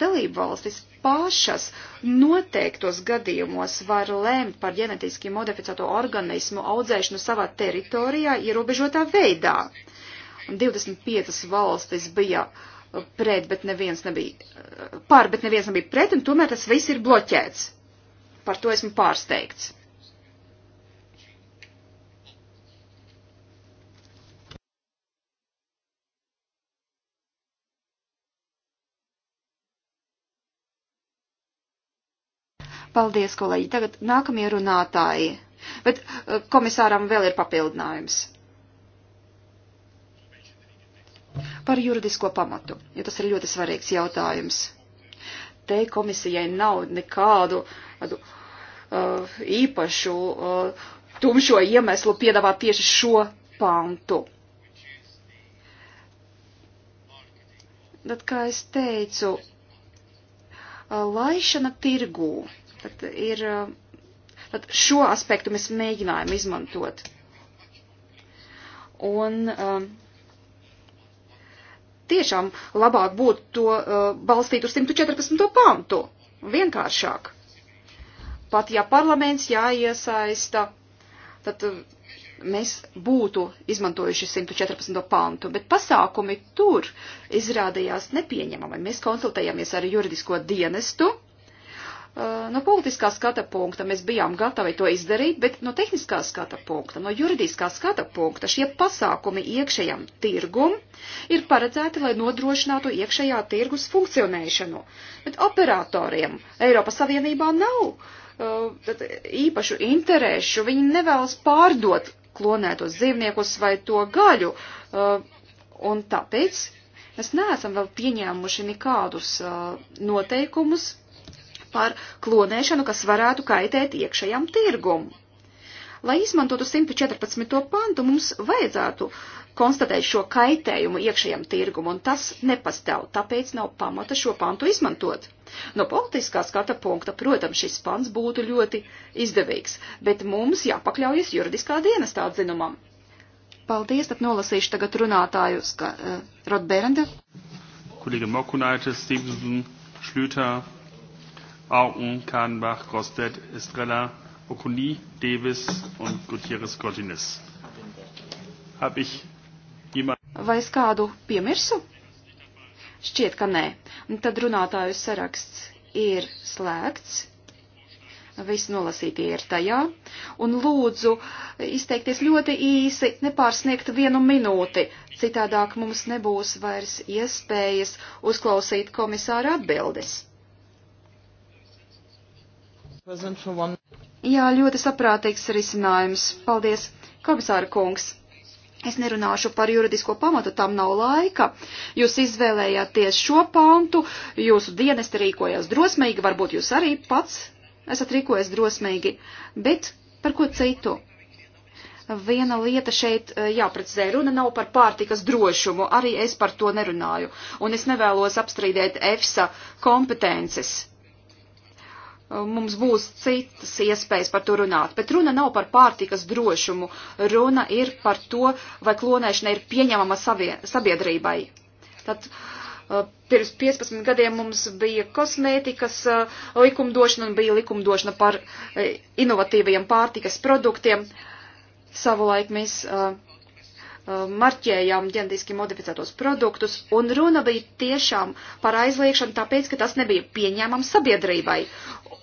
dalību valstis pašas noteiktos gadījumos var lēmt par ģenetiski modificēto organismu audzēšanu savā teritorijā ierobežotā veidā. 25 valstis bija uh, pret, bet neviens nebija par, bet neviens nebija pret, un tomēr tas viss ir bloķēts par to esmu pārsteigts. Paldies, kolēģi. Tagad nākamie runātāji. Bet eh, komisāram vēl ir papildinājums. Par juridisko pamatu, jo tas ir ļoti svarīgs jautājums te komisijai nav nekādu tādu, uh, īpašu uh, tumšo iemeslu piedāvāt tieši šo pantu. Tad, kā es teicu, uh, laišana tirgū, tad ir, uh, tad šo aspektu mēs mēģinājām izmantot. Un, uh, tiešām labāk būtu to uh, balstīt uz 114. pantu. Vienkāršāk. Pat ja parlaments jāiesaista, tad uh, mēs būtu izmantojuši 114. pantu, bet pasākumi tur izrādījās nepieņemami. Mēs konsultējāmies ar juridisko dienestu Eh, no politiskā skata punkta mēs bijām gatavi to izdarīt, bet no tehniskā skata punkta, no juridiskā skata punkta šie pasākumi iekšējam tirgum ir paredzēti, lai nodrošinātu iekšējā tirgus funkcionēšanu. Bet operatoriem Eiropas Savienībā nav uh, īpašu interēšu, viņi nevēlas pārdot klonētos dzīvniekus vai to gaļu, uh, un tāpēc mēs neesam vēl pieņēmuši nekādus uh, noteikumus par klonēšanu, kas varētu kaitēt iekšējam tirgum. Lai izmantotu 114. pantu, mums vajadzētu konstatēt šo kaitējumu iekšējam tirgum, un tas nepastāv, tāpēc nav pamata šo pantu izmantot. No politiskā skata punkta, protams, šis pants būtu ļoti izdevīgs, bet mums jāpakļaujas juridiskā dienestā atzinumam. Paldies, tad nolasīšu tagad runātāju uh, eh, Rodberenda. Kolēģi Mokunaitis, Stevenson, Šļūtā, Auken, Kahnbach, Grosstedt, Estrella, Okuni, Davis und Gutierrez Cortines. Hab ich jemanden? Vai es kādu piemirsu? Šķiet, ka nē. Un tad runātāju saraksts ir slēgts. Visi nolasītie ir tajā. Un lūdzu izteikties ļoti īsi, nepārsniegt vienu minūti. Citādāk mums nebūs vairs iespējas uzklausīt komisāra atbildes. Jā, ļoti saprātīgs risinājums. Paldies, komisāra kungs. Es nerunāšu par juridisko pamatu, tam nav laika. Jūs izvēlējāties šo pantu, jūsu dienesti rīkojās drosmīgi, varbūt jūs arī pats esat rīkojies drosmīgi, bet par ko citu? Viena lieta šeit e, jāprecizē, runa nav par pārtikas drošumu, arī es par to nerunāju, un es nevēlos apstrīdēt EFSA kompetences. Uh, mums būs citas iespējas par to runāt. Bet runa nav par pārtikas drošumu, runa ir par to, vai klonēšana ir pieņemama savie, sabiedrībai. Tad, uh, Pirms 15 gadiem mums bija kosmētikas uh, likumdošana un bija likumdošana par inovatīviem pārtikas produktiem. Savulaik mēs uh, Um, marķējām ģenetiski modificētos produktus, un runa bija tiešām par aizliekšanu, tāpēc, ka tas nebija pieņēmams sabiedrībai.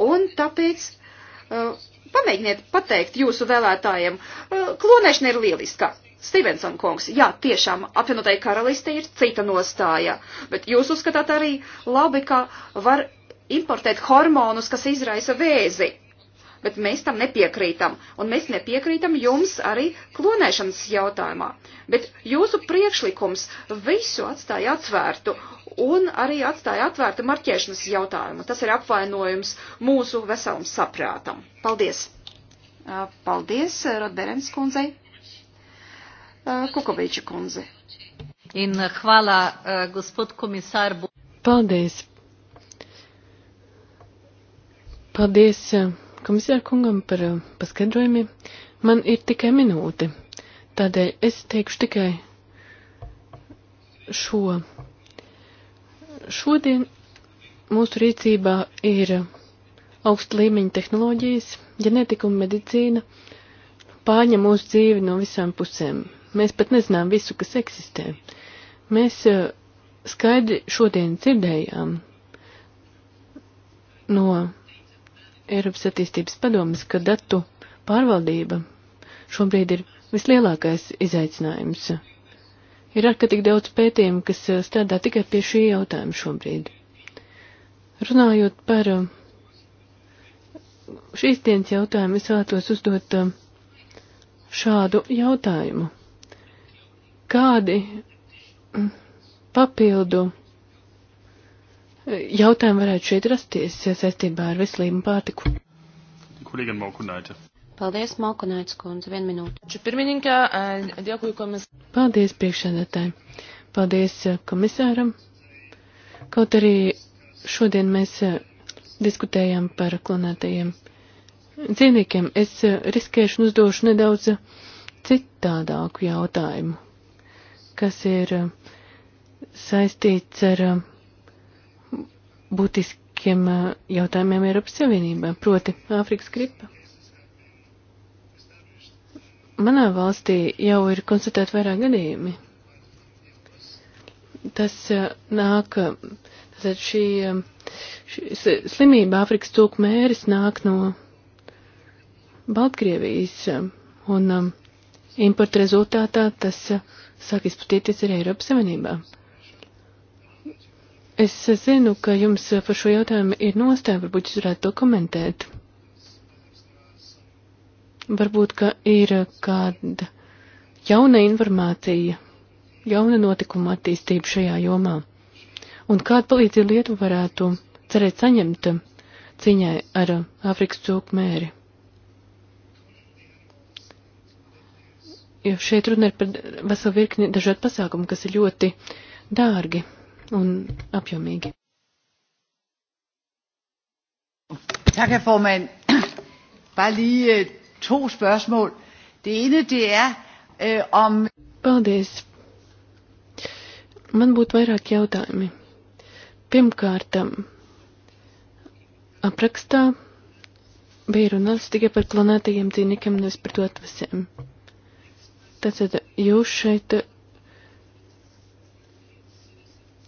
Un tāpēc uh, pamēģiniet pateikt jūsu vēlētājiem, uh, klonēšana ir lieliska. Stevenson kungs, jā, tiešām apvienotai karalistē ir cita nostāja, bet jūs uzskatāt arī labi, ka var importēt hormonus, kas izraisa vēzi bet mēs tam nepiekrītam. Un mēs nepiekrītam jums arī klonēšanas jautājumā. Bet jūsu priekšlikums visu atstāja atvērtu un arī atstāja atvērtu marķēšanas jautājumu. Tas ir apvainojums mūsu veselam saprātam. Paldies! Paldies, Rodberens kundzei! Kukoviča kundze. In hvala, gospod komisār. Paldies. Paldies Komisāra kungam par eh, paskaidrojumiem. Man ir tikai minūte, tādēļ es teikšu tikai šo. Šodien mūsu rīcībā ir augsta līmeņa tehnoloģijas, ģenetika un medicīna pārņem mūsu dzīvi no visām pusēm. Mēs pat nezinām visu, kas eksistē. Mēs eh, skaidri šodien dzirdējām no Eiropas attīstības padomas, ka datu pārvaldība šobrīd ir vislielākais izaicinājums. Ir ārkārtīgi daudz pētījumu, kas uh, strādā tikai pie šī jautājuma šobrīd. Runājot par uh, šīs dienas jautājumu, es vēlētos uzdot uh, šādu jautājumu. Kādi mm, papildu jautājumi varētu šeit rasties saistībā ar veselību un pārtiku. Kolēģi Maukunaita. Paldies, Maukunaits kundze, vienu minūti. Pirmininkā, ďakuju eh, komisāram. Paldies, priekšsēdētāji. Paldies eh, komisāram. Kaut arī šodien mēs eh, diskutējām par klonētajiem dzīvniekiem, es riskēšu un uzdošu nedaudz citādāku jautājumu, kas ir saistīts ar būtiskiem eh, jautājumiem Eiropas Savienībā, proti Āfrikas gripa. Manā valstī jau ir konstatēti vairāk gadījumi. Tas eh, nāk, tātad šī, eh, šī slimība Āfrikas cūku mēris nāk no Baltkrievijas un importa rezultātā tas sāk izplatīties arī Eiropas Savienībā. Es zinu, ka jums par šo jautājumu ir nostāja, varbūt jūs varētu to komentēt. Varbūt, ka ir kāda jauna informācija, jauna notikuma attīstība šajā jomā. Un kādu palīdzību Lietuva varētu cerēt saņemt ciņai ar Āfrikas cūku mēri? Jo šeit runa ir par veselu virkni dažādu pasākumu, kas ir ļoti dārgi un apjomīgi. Tak, herr formand. Bare lige øh, to spørgsmål. Det ene, det er øh, om... Paldies. Man būtu vairāk jautājumi. Pirmkārt, aprakstā bija runāts tikai par planētajiem dzīvniekiem, nevis par to atvasēm. Tātad jūs šeit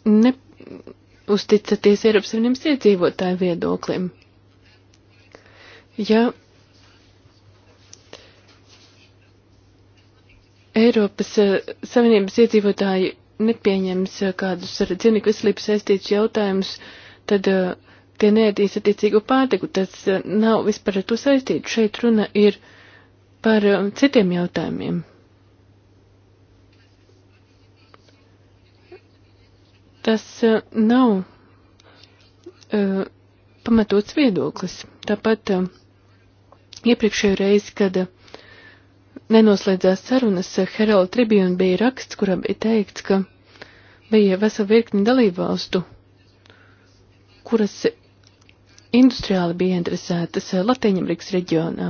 neusticaties Eiropas Savienības iedzīvotāju viedoklim. Ja Eiropas eh, Savienības iedzīvotāji nepieņems eh, kādus ar dzīvnieku veselības saistītus jautājumus, tad eh, tie neēdīs attiecīgo pārtiku. Tas nav vispār ar to saistīts. Šeit runa ir par citiem jautājumiem. Tas eh, nav uh, pamatots viedoklis. Tāpat uh, iepriekšējo reizi, kad uh, nenoslēdzās sarunas, Herald Tribune bija raksts, kurā bija teikts, ka bija vesela virkni dalībvalstu, kuras industriāli bija interesētas Latvijas reģionā.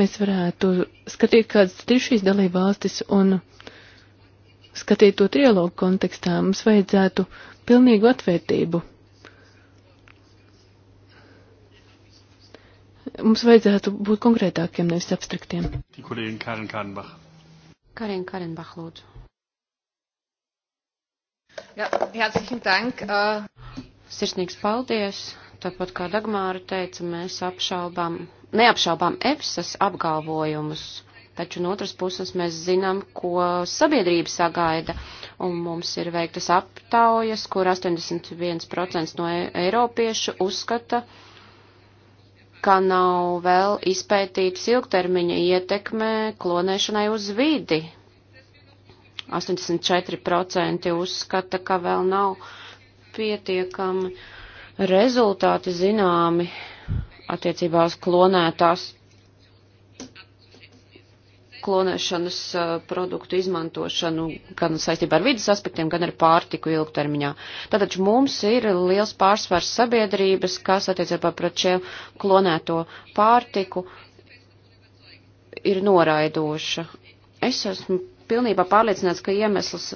Mēs varētu skatīt, kādas ir šīs dalībvalstis un uh, skatīt to trialogu kontekstā, mums vajadzētu pilnīgu atvērtību. Mums vajadzētu būt konkrētākiem, nevis abstraktiem. Karin Karenbach. Karin Karenbach, lūdzu. Jā, herzlichen Dank. Uh... Sirsnīgs paldies. Tāpat kā Dagmāra teica, mēs apšaubām, neapšaubām EFSAS apgalvojumus taču no otras puses mēs zinām, ko sabiedrība sagaida. Un mums ir veiktas aptaujas, kur 81% no e- eiropiešu uzskata, ka nav vēl izpētītas ilgtermiņa ietekme klonēšanai uz vidi. 84% uzskata, ka vēl nav pietiekami rezultāti zināmi attiecībā uz klonētās klonēšanas produktu izmantošanu gan saistībā ar vidas aspektiem, gan ar pārtiku ilgtermiņā. Tātad mums ir liels pārsvars sabiedrības, kas attiecībā pret šiem klonēto pārtiku ir noraidoša. Es esmu pilnībā pārliecināts, ka iemesls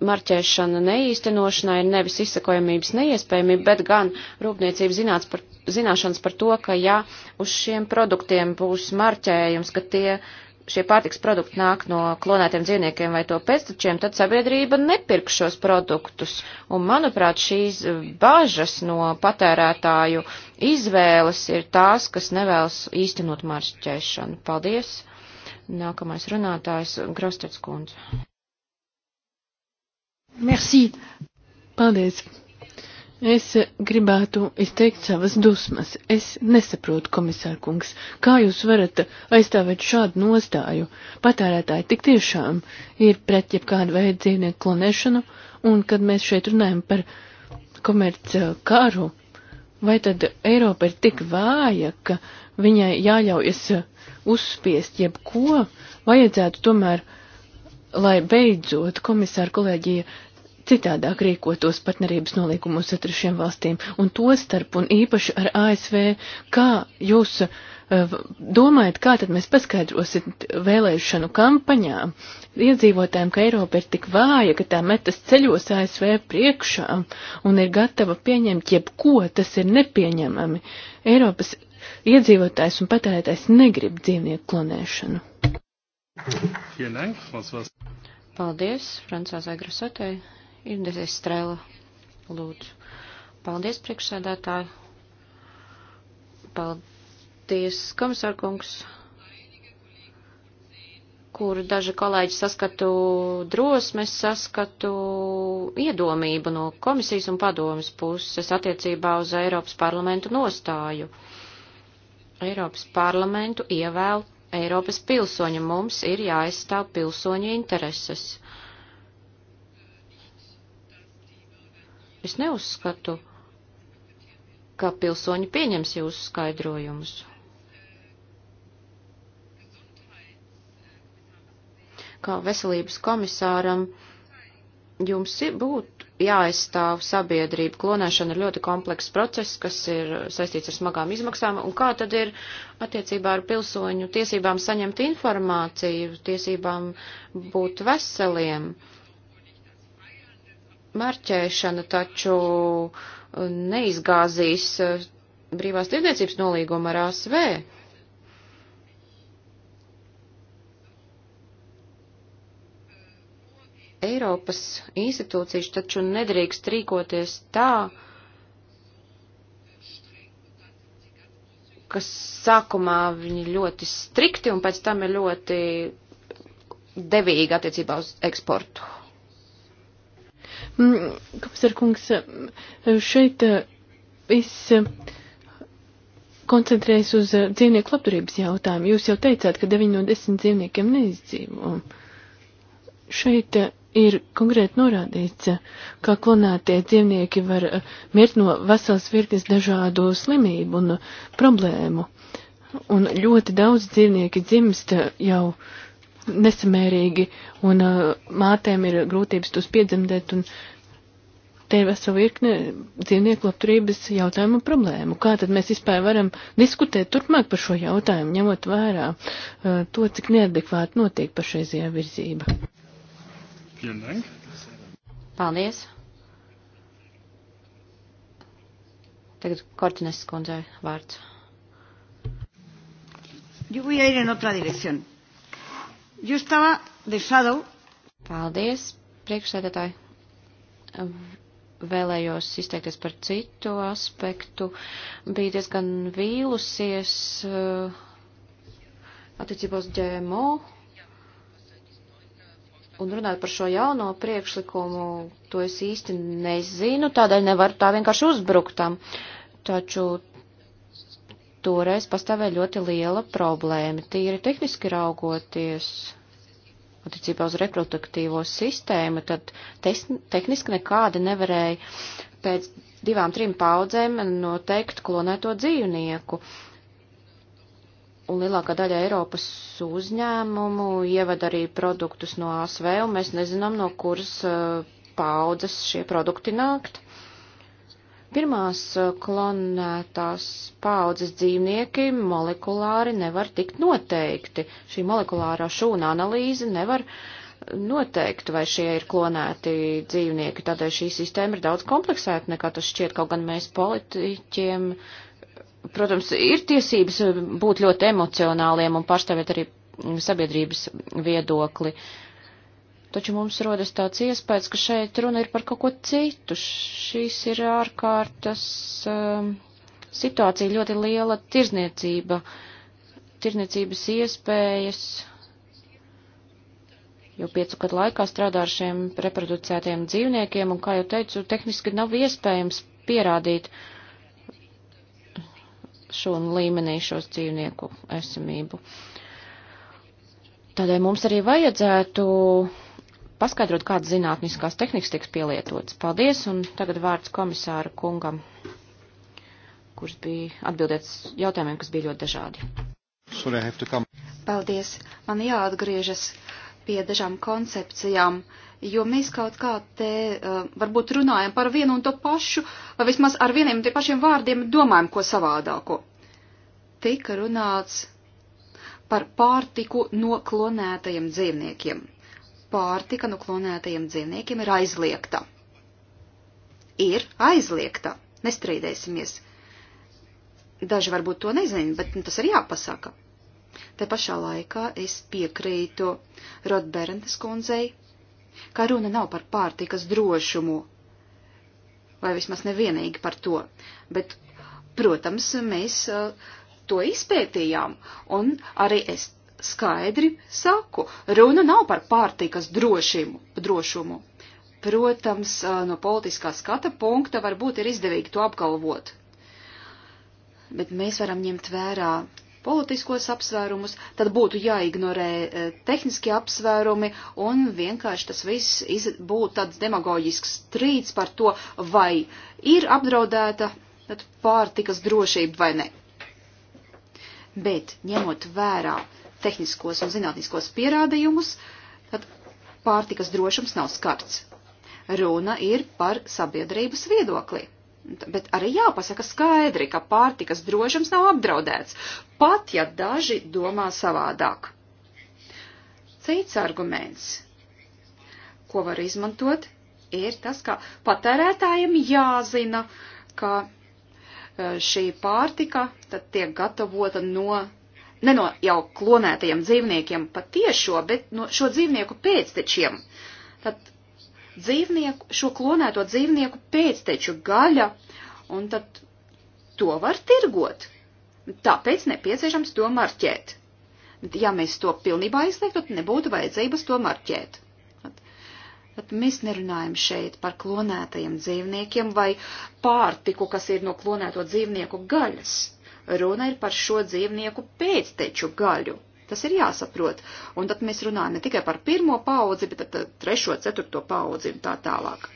marķēšana neīstenošanai ir nevis izsakojamības neiespējamība, bet gan rūpniecības par, zināšanas par to, ka ja uz šiem produktiem būs marķējums, ka tie šie pārtiks produkti nāk no klonētiem dzīvniekiem vai to pēctečiem, tad sabiedrība nepirk šos produktus. Un, manuprāt, šīs bažas no patērētāju izvēles ir tās, kas nevēlas īstenot maršķēšanu. Paldies! Nākamais runātājs Grostets kundze. Merci! Paldies! Es gribētu izteikt savas dusmas. Es nesaprotu, komisārkungs, kā jūs varat aizstāvēt šādu nostāju. Patērētāji tik tiešām ir pret jebkādu veidu dzīvnieku klonēšanu, un kad mēs šeit runājam par komerc eh, karu, vai tad Eiropa ir tik vāja, ka viņai jāļaujas eh, uzspiest jebko, vajadzētu tomēr lai beidzot komisāra kolēģija citādāk rīkotos partnerības nolīgumos ar trešiem valstīm, un to starp un īpaši ar ASV, kā jūs uh, domājat, kā tad mēs paskaidrosit vēlēšanu kampaņā iedzīvotājiem, ka Eiropa ir tik vāja, ka tā metas ceļos ASV priekšā un ir gatava pieņemt jebko, tas ir nepieņemami. Eiropas iedzīvotājs un patērētājs negrib dzīvnieku klonēšanu. Vielen Dank, Frau Paldies, Francāzai Grasotei. Indrē Strēla. Lūdzu. Paldies, priekšsēdētāji. Paldies, komisārkungs, kur daži kolēģi saskatu drosmes, saskatu iedomību no komisijas un padomas puses attiecībā uz Eiropas parlamentu nostāju. Eiropas parlamentu ievēl Eiropas pilsoņa mums ir jāaizstāv pilsoņu intereses. Uh, Es neuzskatu, ka pilsoņi pieņems jūsu skaidrojumus. Kā veselības komisāram jums būtu jāaizstāv sabiedrība. Klonēšana ir ļoti komplekss process, kas ir saistīts ar smagām izmaksām. Un kā tad ir attiecībā ar pilsoņu tiesībām saņemt informāciju, tiesībām būt veseliem? Uh, marķēšana taču uh, neizgāzīs uh, brīvās tirdzniecības nolīgumu ar ASV. Eiropas institūcijas taču nedrīkst rīkoties tā, ka sākumā viņi ļoti strikti un pēc tam ir ļoti devīgi attiecībā uz eksportu. Mm, Komisārkungs, šeit eh, es eh, koncentrējos uz eh, dzīvnieku labturības jautājumu. Jūs jau teicāt, ka 9 no 10 dzīvniekiem neizdzīvo. Šeit ir konkrēti norādīts, ka klonētie dzīvnieki var mirt no veselas virknes dažādu slimību un problēmu. Un ļoti daudz dzīvnieki dzimst jau uh, nesamērīgi, un uh, mātēm ir grūtības tos piedzemdēt, un te ir vesela virkne dzīvnieku labturības jautājumu problēmu. Kā tad mēs vispār varam diskutēt turpmāk par šo jautājumu, ņemot vērā uh, to, cik neadekvāti notiek pašreizajā virzība? Paldies! Tagad Kortines kundzei vārds. Yo voy a ir en otra dirección. Jūs tava de shadow. Paldies, priekšsēdētāji. Vēlējos izteikties par citu aspektu. Bija diezgan vīlusies eh, attiecībos ģēmo un runāt par šo jauno priekšlikumu, to es īsti nezinu, tādēļ nevaru tā vienkārši uzbrukt tam. Taču toreiz pastāvēja ļoti liela problēma. Tīri tehniski raugoties attiecībā uz reproduktīvo sistēmu, tad tes, tehniski nekādi nevarēja pēc divām, trim paudzēm noteikt klonēto dzīvnieku. Un lielākā daļa Eiropas uzņēmumu ievada arī produktus no ASV, un mēs nezinām, no kuras uh, paudzes šie produkti nākt. Pirmās uh, klonētās paaudzes dzīvnieki molekulāri nevar tikt noteikti. Šī molekulārā šūna analīze nevar noteikt, vai šie ir klonēti dzīvnieki. Tādēļ šī sistēma ir daudz kompleksēta nekā tas šķiet, kaut gan mēs politiķiem, protams, ir tiesības būt ļoti emocionāliem un pārstāvēt arī sabiedrības viedokli. Uh, Taču mums rodas tāds iespējas, ka šeit runa ir par kaut ko citu. Šīs ir ārkārtas um, situācija, ļoti liela tirzniecība, tirzniecības iespējas. Jo piecu gadu laikā strādā ar šiem reproducētiem dzīvniekiem, un, kā jau teicu, tehniski nav iespējams pierādīt šo līmenī šos dzīvnieku esamību. Tādēļ mums arī vajadzētu paskaidrot, kādas zinātniskās tehnikas tiks pielietotas. Paldies, un tagad vārds komisāra kungam, kurš bija atbildēts jautājumiem, kas bija ļoti dažādi. Paldies, man jāatgriežas pie dažām koncepcijām, jo mēs kaut kā te uh, varbūt runājam par vienu un to pašu, vai vismaz ar vieniem un tie pašiem vārdiem domājam ko savādāko. Tika runāts par pārtiku no klonētajiem dzīvniekiem pārtika no klonētajiem dzīvniekiem ir aizliegta. Ir aizliegta, nestrīdēsimies. Daži varbūt to nezina, bet nu, tas ir jāpasaka. Te pašā laikā es piekrītu Rodberentes kundzei, ka runa nav par pārtikas drošumu, vai vismaz nevienīgi par to, bet, protams, mēs uh, to izpētījām, un arī es skaidri saku, runa nav par pārtikas drošību, drošumu. Protams, no politiskā skata punkta varbūt ir izdevīgi to apgalvot. Bet mēs varam ņemt vērā politiskos apsvērumus, tad būtu jāignorē tehniski apsvērumi un vienkārši tas viss iz, būtu tāds demagoģisks strīds par to, vai ir apdraudēta pārtikas drošība vai ne. Bet ņemot vērā uh, tehniskos un zinātniskos pierādījumus, tad pārtikas drošums nav skarts. Runa ir par sabiedrības viedokli. Bet arī jāpasaka skaidri, ka pārtikas drošums nav apdraudēts, pat ja daži domā savādāk. Cits arguments, ko var izmantot, ir tas, ka patērētājiem jāzina, ka eh, šī pārtika tad tiek gatavota no ne no jau klonētajiem dzīvniekiem patiešo, bet no nu, šo dzīvnieku pēctečiem. Tad dzīvnieku, šo klonēto dzīvnieku pēcteču gaļa, un tad to var tirgot. Tāpēc nepieciešams to marķēt. Ja mēs to pilnībā aizliegtu, tad nebūtu vajadzības to marķēt. Tad mēs nerunājam šeit par klonētajiem dzīvniekiem vai pārtiku, kas ir no klonēto dzīvnieku gaļas. Runa ir par šo dzīvnieku pēcteču gaļu. Tas ir jāsaprot. Un tad mēs runājam ne tikai par pirmo paudzi, bet tad trešo, ceturto paudzi un tā tālāk.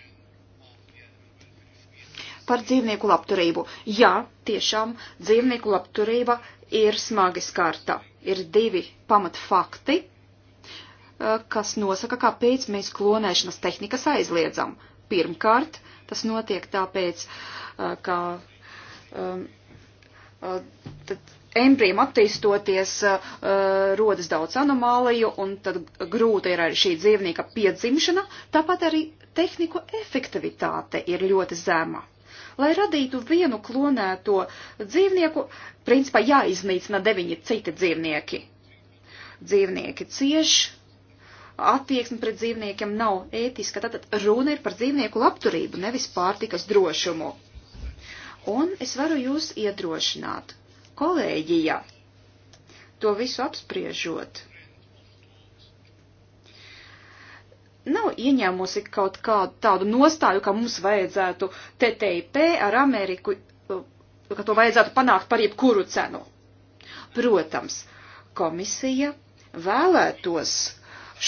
Par dzīvnieku labturību. Jā, tiešām dzīvnieku labturība ir smagi skarta. Ir divi pamatfakti, eh, kas nosaka, kāpēc mēs klonēšanas tehnikas aizliedzam. Pirmkārt, tas notiek tāpēc, eh, ka um, tad embrijam attīstoties eh, rodas daudz anomāliju, un tad grūta ir arī šī dzīvnieka piedzimšana, tāpat arī tehniku efektivitāte ir ļoti zema. Lai radītu vienu klonēto dzīvnieku, principā jāiznīcina deviņi citi dzīvnieki. Dzīvnieki cieš, attieksme pret dzīvniekiem nav ētiska, tātad runa ir par dzīvnieku labturību, nevis pārtikas drošumu. Un es varu jūs iedrošināt, kolēģija, to visu apspriežot, nav ieņēmusi kaut kādu tādu nostāju, ka mums vajadzētu TTIP ar Ameriku, ka to vajadzētu panākt par jebkuru cenu. Protams, komisija vēlētos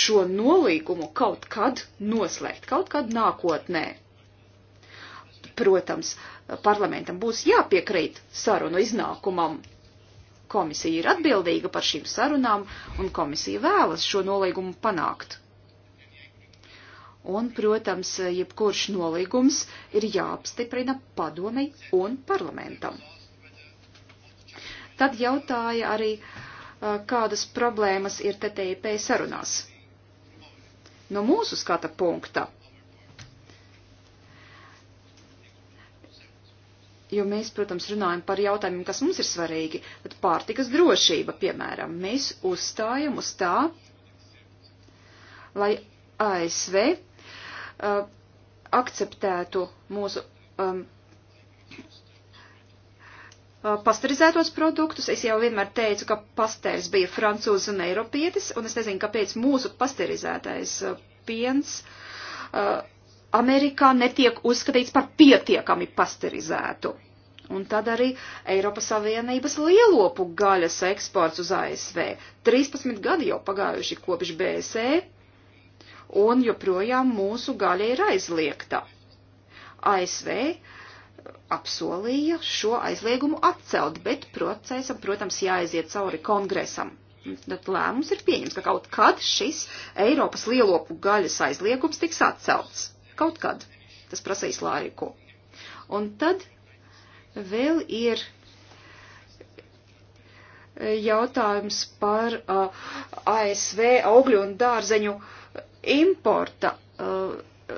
šo nolīgumu kaut kad noslēgt, kaut kad nākotnē Protams, parlamentam būs jāpiekrīt sarunu iznākumam. Komisija ir atbildīga par šīm sarunām, un komisija vēlas šo nolīgumu panākt. Un, protams, jebkurš nolīgums ir jāapstiprina padomei un parlamentam. Tad jautāja arī, kādas problēmas ir TTIP sarunās. No mūsu skata punkta jo mēs, protams, runājam par jautājumiem, kas mums ir svarīgi, tad pārtikas drošība, piemēram, mēs uzstājam uz tā, lai ASV uh, akceptētu mūsu um, pasterizētos produktus. Es jau vienmēr teicu, ka pasteris bija francūzs un eiropietis, un es nezinu, kāpēc mūsu pasterizētais uh, piens uh, Amerikā netiek uzskatīts par pietiekami pasterizētu. Un tad arī Eiropas Savienības lielopu gaļas eksports uz ASV. 13 gadi jau pagājuši kopš BSE, un joprojām mūsu gaļa ir aizliegta. ASV eh, apsolīja šo aizliegumu atcelt, bet procesam, protams, jāaiziet cauri kongresam. Tad lēmums ir pieņems, ka kaut kad šis Eiropas lielopu gaļas aizliegums tiks atcelts. Kaut kad. Tas prasīs laiku. Un tad Vēl ir jautājums par uh, ASV augļu un dārzeņu importa, uh,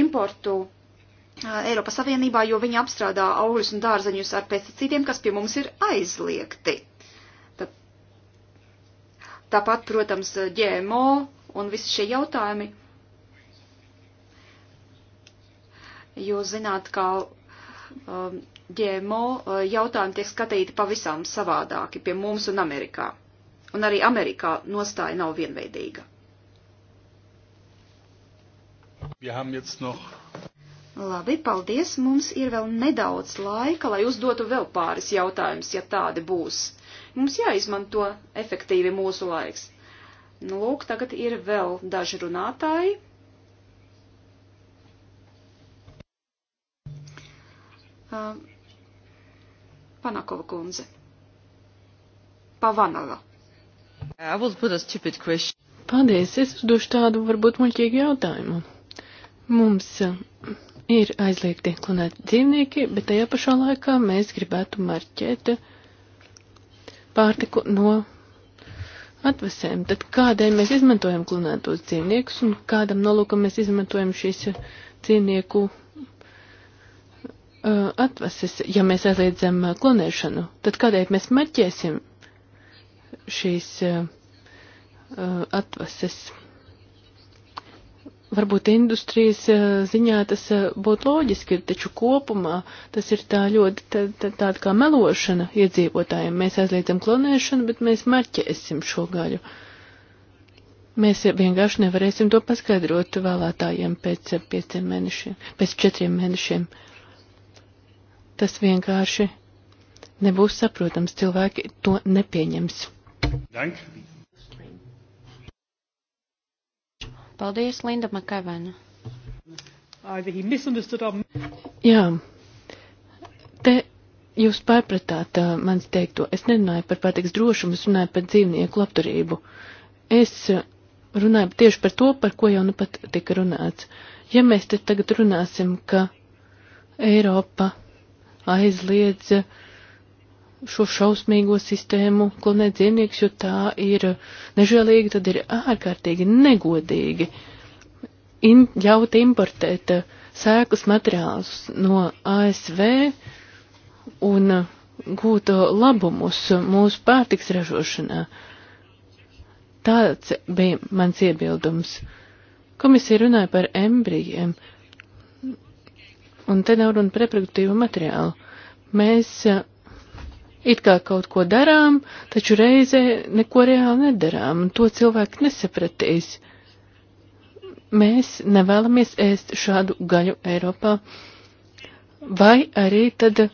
importu uh, Eiropas Savienībā, jo viņi apstrādā augļus un dārzeņus ar pesticīdiem, kas pie mums ir aizliegti. Tā, tāpat, protams, GMO un visi šie jautājumi. Jūs zināt, ka um, ģēmo jautājumi tiek skatīti pavisam savādāki pie mums un Amerikā. Un arī Amerikā nostāja nav vienveidīga. Labi, paldies. Mums ir vēl nedaudz laika, lai uzdotu vēl pāris jautājumus, ja tādi būs. Mums jāizmanto efektīvi mūsu laiks. Nu, lūk, tagad ir vēl daži runātāji. Um, Panakova kundze. Pavanova. Paldies, es uzdošu tādu varbūt muļķīgu jautājumu. Mums eh, ir aizliegti klonēt dzīvnieki, bet tajā pašā laikā mēs gribētu marķēt pārtiku no atvesēm. Tad kādēļ mēs izmantojam klonētos dzīvniekus un kādam nolūkam mēs izmantojam šīs dzīvnieku Uh, atvases, ja mēs aizliedzam uh, klonēšanu, tad kādēļ mēs marķēsim šīs uh, atvases? Varbūt industrijas ziņā tas būtu loģiski, taču kopumā tas ir tā ļoti tā, tā, tāda kā melošana iedzīvotājiem. Mēs aizliedzam klonēšanu, bet mēs marķēsim šo gaļu. Mēs vienkārši nevarēsim to paskaidrot vēlētājiem pēc pieciem mēnešiem, pēc četriem mēnešiem. Uh, tas vienkārši nebūs saprotams. Cilvēki to nepieņems. Dank. Paldies, Linda Makavena. Jā, te jūs pārpratāt uh, mans teikto. Es nerunāju par pārtiks drošumu, es runāju par dzīvnieku labturību. Es runāju tieši par to, par ko jau nu pat tika runāts. Ja mēs te tagad runāsim, ka Eiropa aizliedz šo šausmīgo sistēmu klonēt dzīvniekus, jo tā ir nežēlīga, tad ir ārkārtīgi negodīgi in, ļaut importēt sēklas materiālus no ASV un gūt labumus mūsu pārtiks ražošanā. Tāds bija mans iebildums. Komisija runāja par embrijiem. Uh, Un te nav runa par reproduktīvu materiālu. Mēs it kā kaut ko darām, taču reizē neko reāli nedarām, un to cilvēki nesapratīs. Mēs nevēlamies ēst šādu gaļu Eiropā. Vai arī tad uh,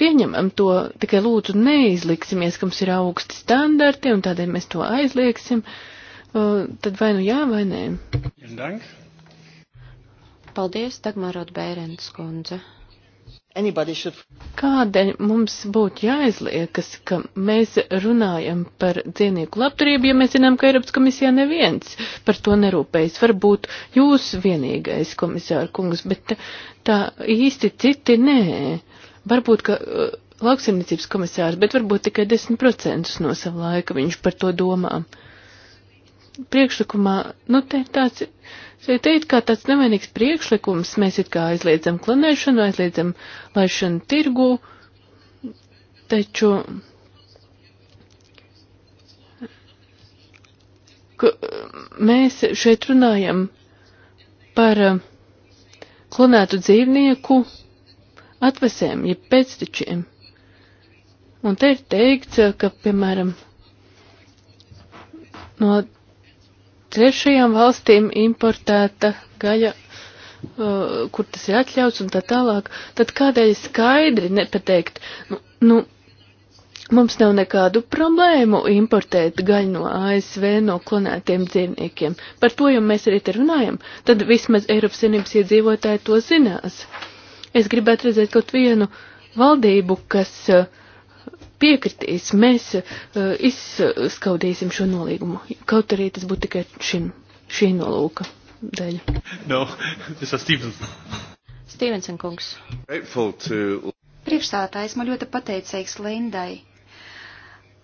pieņemam to, tikai lūdzu neizliksimies, ka mums ir augsti standarti, un tādēļ mēs to aizlieksim, uh, tad vai nu jā, vai nē. Dank. Paldies, Dagmarot Bērens kundze. Should... Kādēļ mums būtu jāizliekas, ka mēs runājam par dzīvnieku labturību, ja mēs zinām, ka Eiropas komisijā neviens par to nerūpējas? Varbūt jūs vienīgais komisāra kungs, bet tā īsti citi nē. Varbūt, ka uh, lauksaimniecības komisārs, bet varbūt tikai 10% no sava laika viņš par to domā. Priekšlikumā, nu, te tāds šeit teikt, kā tāds nevainīgs priekšlikums, mēs it kā aizliedzam klonēšanu, aizliedzam laišanu tirgu, taču mēs šeit runājam par uh, klonētu dzīvnieku atvesēm, jeb ja pēctečiem. Un te ir teikts, ka, piemēram, no trešajām valstīm importēta gaļa, uh, kur tas ir atļauts un tā tālāk, tad kādēļ skaidri nepateikt, nu, nu mums nav nekādu problēmu importēt gaļu no ASV no klonētiem dzīvniekiem. Par to jau mēs arī te runājam, tad vismaz Eiropas Savienības iedzīvotāji to zinās. Es gribētu redzēt kaut vienu valdību, kas uh, piekritīs, mēs uh, izskaudīsim šo nolīgumu, kaut arī tas būtu tikai šim, šī nolūka dēļ. No, es esmu Stevens. Stevenson kungs. To... Priekšstādā esmu ļoti pateicīgs Lindai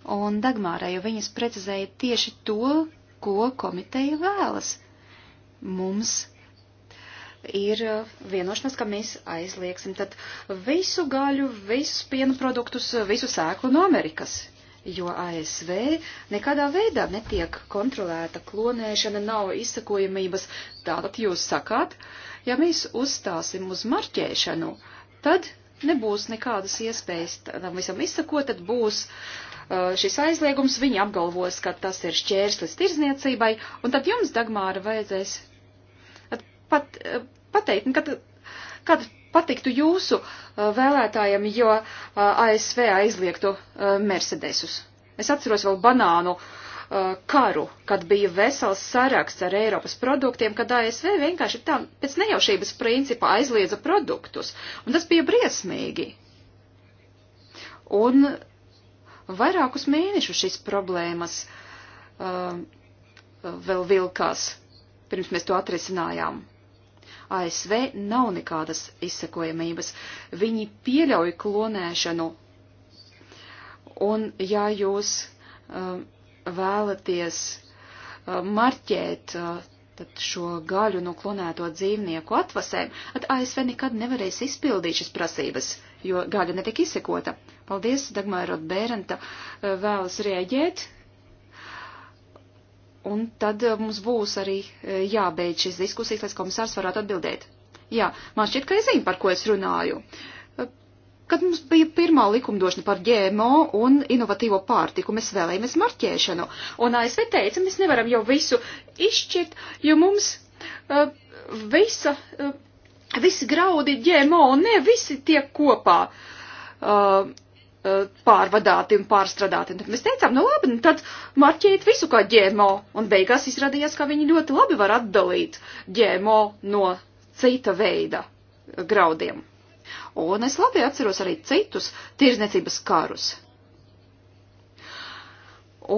un Dagmārai, jo viņas precizēja tieši to, ko komiteja vēlas. Mums ir uh, vienošanās, ka mēs aizliegsim tad visu gaļu, visus piena produktus, uh, visu sēklu no Amerikas. Jo ASV nekādā veidā netiek kontrolēta klonēšana, nav izsakojamības. Tātad jūs sakāt, ja mēs uzstāsim uz marķēšanu, tad nebūs nekādas iespējas tam visam izsakot, tad būs uh, šis aizliegums, viņi apgalvos, ka tas ir šķērslis tirzniecībai, un tad jums, Dagmāra, vajadzēs pat, eh, pateikt, nu, kad, kad patiktu jūsu eh, vēlētājiem, jo eh, ASV aizliegtu Mercedesus. Es atceros vēl banānu karu, kad bija vesels saraksts ar Eiropas produktiem, kad ASV vienkārši tā pēc nejaušības principa aizliedza produktus, un tas bija briesmīgi. Un vairākus mēnešus šīs problēmas uh, vēl vilkās, pirms mēs to atrisinājām. ASV nav nekādas izsekojamības. Viņi pieļauj klonēšanu. Un ja jūs uh, vēlaties uh, marķēt uh, šo gaļu no klonēto dzīvnieku atvasēm, tad ASV nekad nevarēs izpildīt šīs prasības, jo gaļa netika izsekota. Paldies, Dagmārot Bērenta uh, vēlas rēģēt. Un tad eh, mums būs arī eh, jābeidz šīs diskusijas, lai komisārs varētu atbildēt. Jā, man šķiet, ka es zinu, par ko es runāju. Eh, kad mums bija pirmā likumdošana par GMO un inovatīvo pārtiku, mēs vēlējamies marķēšanu. Un ASV teica, mēs nevaram jau visu izšķirt, jo mums uh, visa, uh, visi graudi ir GMO un ne visi tiek kopā. Uh, Eh, pārvadāti un pārstrādāti. Un mēs teicām, nu labi, nu tad marķējiet visu kā ģēmo. Un beigās izrādījās, ka viņi ļoti labi var atdalīt ģēmo no cita veida eh, graudiem. Un es labi atceros arī citus tirzniecības karus.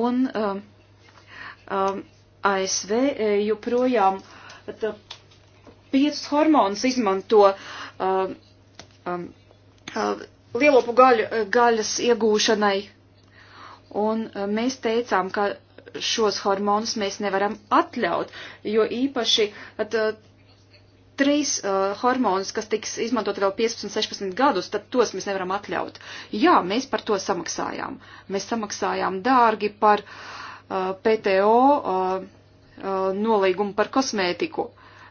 Un um, um, ASV joprojām eh, piecus hormonus izmanto um, um, um lielopu gaļu, eh, gaļas iegūšanai. Un eh, mēs teicām, ka šos hormonus mēs nevaram atļaut, jo īpaši at, eh, trīs uh, hormonus, kas tiks izmantot vēl 15, 16 gadus, tad tos mēs nevaram atļaut. Jā, mēs par to samaksājām. Mēs samaksājām dārgi par uh, PTO uh, uh, nolīgumu par kosmētiku,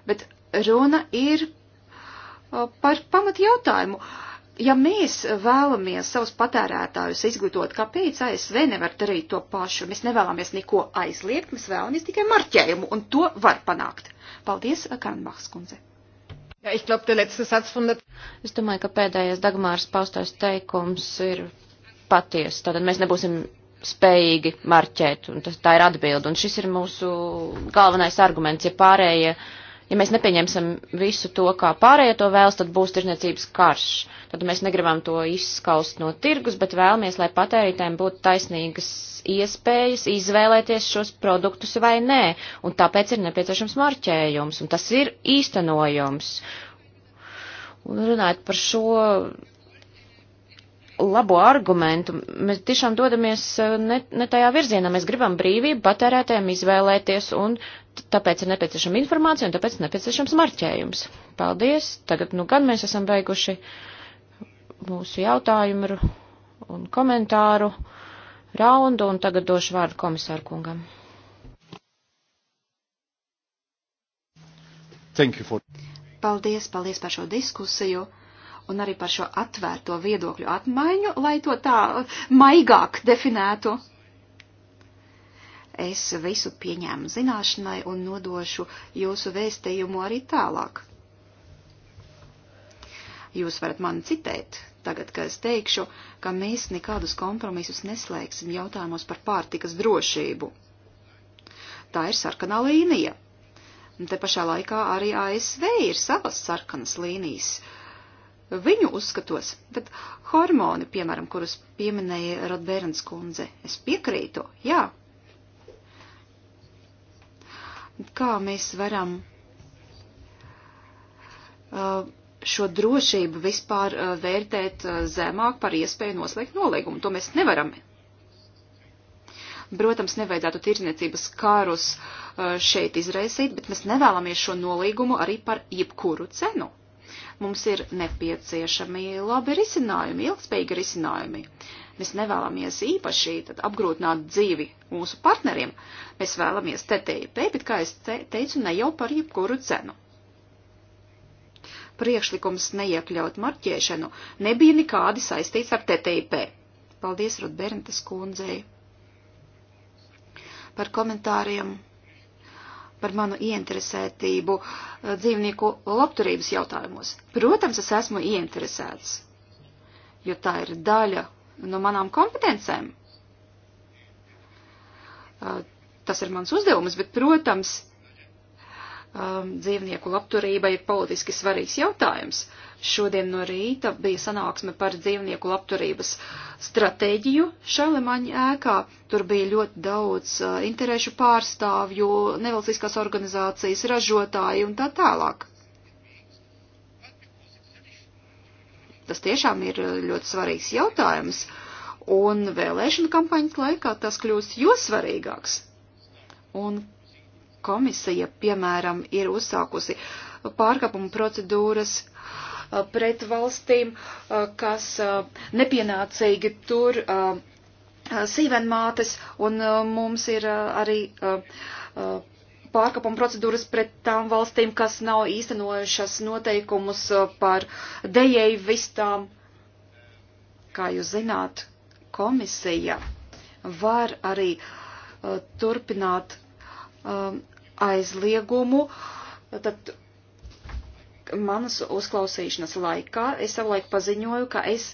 bet runa ir uh, par pamatjautājumu. Uh, Ja mēs vēlamies savus patērētājus izglītot, kāpēc ASV nevar darīt to pašu, mēs nevēlamies neko aizliegt, mēs vēlamies tikai marķējumu, un to var panākt. Paldies, Kanbachs kundze. Ja, ich glaub, der letzte Satz von der... Es domāju, ka pēdējais Dagmāras paustais teikums ir patiesa. Tātad mēs nebūsim spējīgi marķēt, un tas, tā ir atbilde. Un šis ir mūsu galvenais arguments, ja pārējie. Ja ja mēs nepieņemsim visu to, kā pārējie to vēlas, tad būs tirzniecības karš. Tad mēs negribam to izskaust no tirgus, bet vēlamies, lai patērītājiem būtu taisnīgas iespējas izvēlēties šos produktus vai nē, un tāpēc ir nepieciešams marķējums, un tas ir īstenojums. Un runājot par šo labo argumentu. Mēs tiešām dodamies eh, ne, ne tajā virzienā. Mēs gribam brīvību patērētēm izvēlēties, un tāpēc ir nepieciešama informācija, un tāpēc ir nepieciešams marķējums. Paldies. Tagad nu gan mēs esam beiguši mūsu jautājumu un komentāru raundu, un tagad došu vārdu komisāru kungam. Thank you for... Paldies, paldies par šo diskusiju un arī par šo atvērto viedokļu atmaiņu, lai to tā maigāk definētu. Es visu pieņēmu zināšanai un nodošu jūsu vēstījumu arī tālāk. Jūs varat mani citēt, tagad, kad es teikšu, ka mēs nekādus kompromisus neslēgsim jautājumos par pārtikas drošību. Tā ir sarkanā līnija. Un te pašā laikā arī ASV ir savas sarkanas līnijas, uh, viņu uzskatos, tad hormoni, piemēram, kurus pieminēja Rodbērns kundze, es piekrītu, jā. Kā mēs varam šo drošību vispār vērtēt zemāk par iespēju noslēgt nolīgumu? To mēs nevaram Protams, nevajadzētu tirzniecības kārus šeit izraisīt, bet mēs nevēlamies šo nolīgumu arī par jebkuru cenu. Mums ir nepieciešami labi risinājumi, ilgspējīgi risinājumi. Mēs nevēlamies īpaši tad, apgrūtināt dzīvi mūsu partneriem. Mēs vēlamies TTIP, bet, kā es teicu, ne jau par jebkuru cenu. Priekšlikums neiekļaut marķēšanu nebija nekādi saistīts ar TTIP. Paldies Rudberntas kundzei par komentāriem par manu ieinteresētību eh, dzīvnieku labturības jautājumos. Protams, es esmu ieinteresēts, jo tā ir daļa no manām kompetencēm. Eh, tas ir mans uzdevums, bet, protams, um, dzīvnieku labturība ir politiski svarīgs jautājums. Šodien no rīta bija sanāksme par dzīvnieku labturības stratēģiju Šalemaņa ēkā. Tur bija ļoti daudz uh, interešu pārstāvju, nevalstiskās organizācijas, ražotāji un tā tālāk. Tas tiešām ir uh, ļoti svarīgs jautājums, un vēlēšana kampaņas laikā tas kļūst jo svarīgāks. Un komisija, piemēram, ir uzsākusi pārkāpumu procedūras uh, pret valstīm, uh, kas uh, nepienācīgi tur sīvenmātes, un mums ir arī pārkāpuma procedūras pret tām valstīm, kas nav īstenojušas noteikumus par dejēju vistām. Kā jūs zināt, komisija var arī turpināt um, aizliegumu. Tad manas uzklausīšanas laikā es savulaik paziņoju, ka es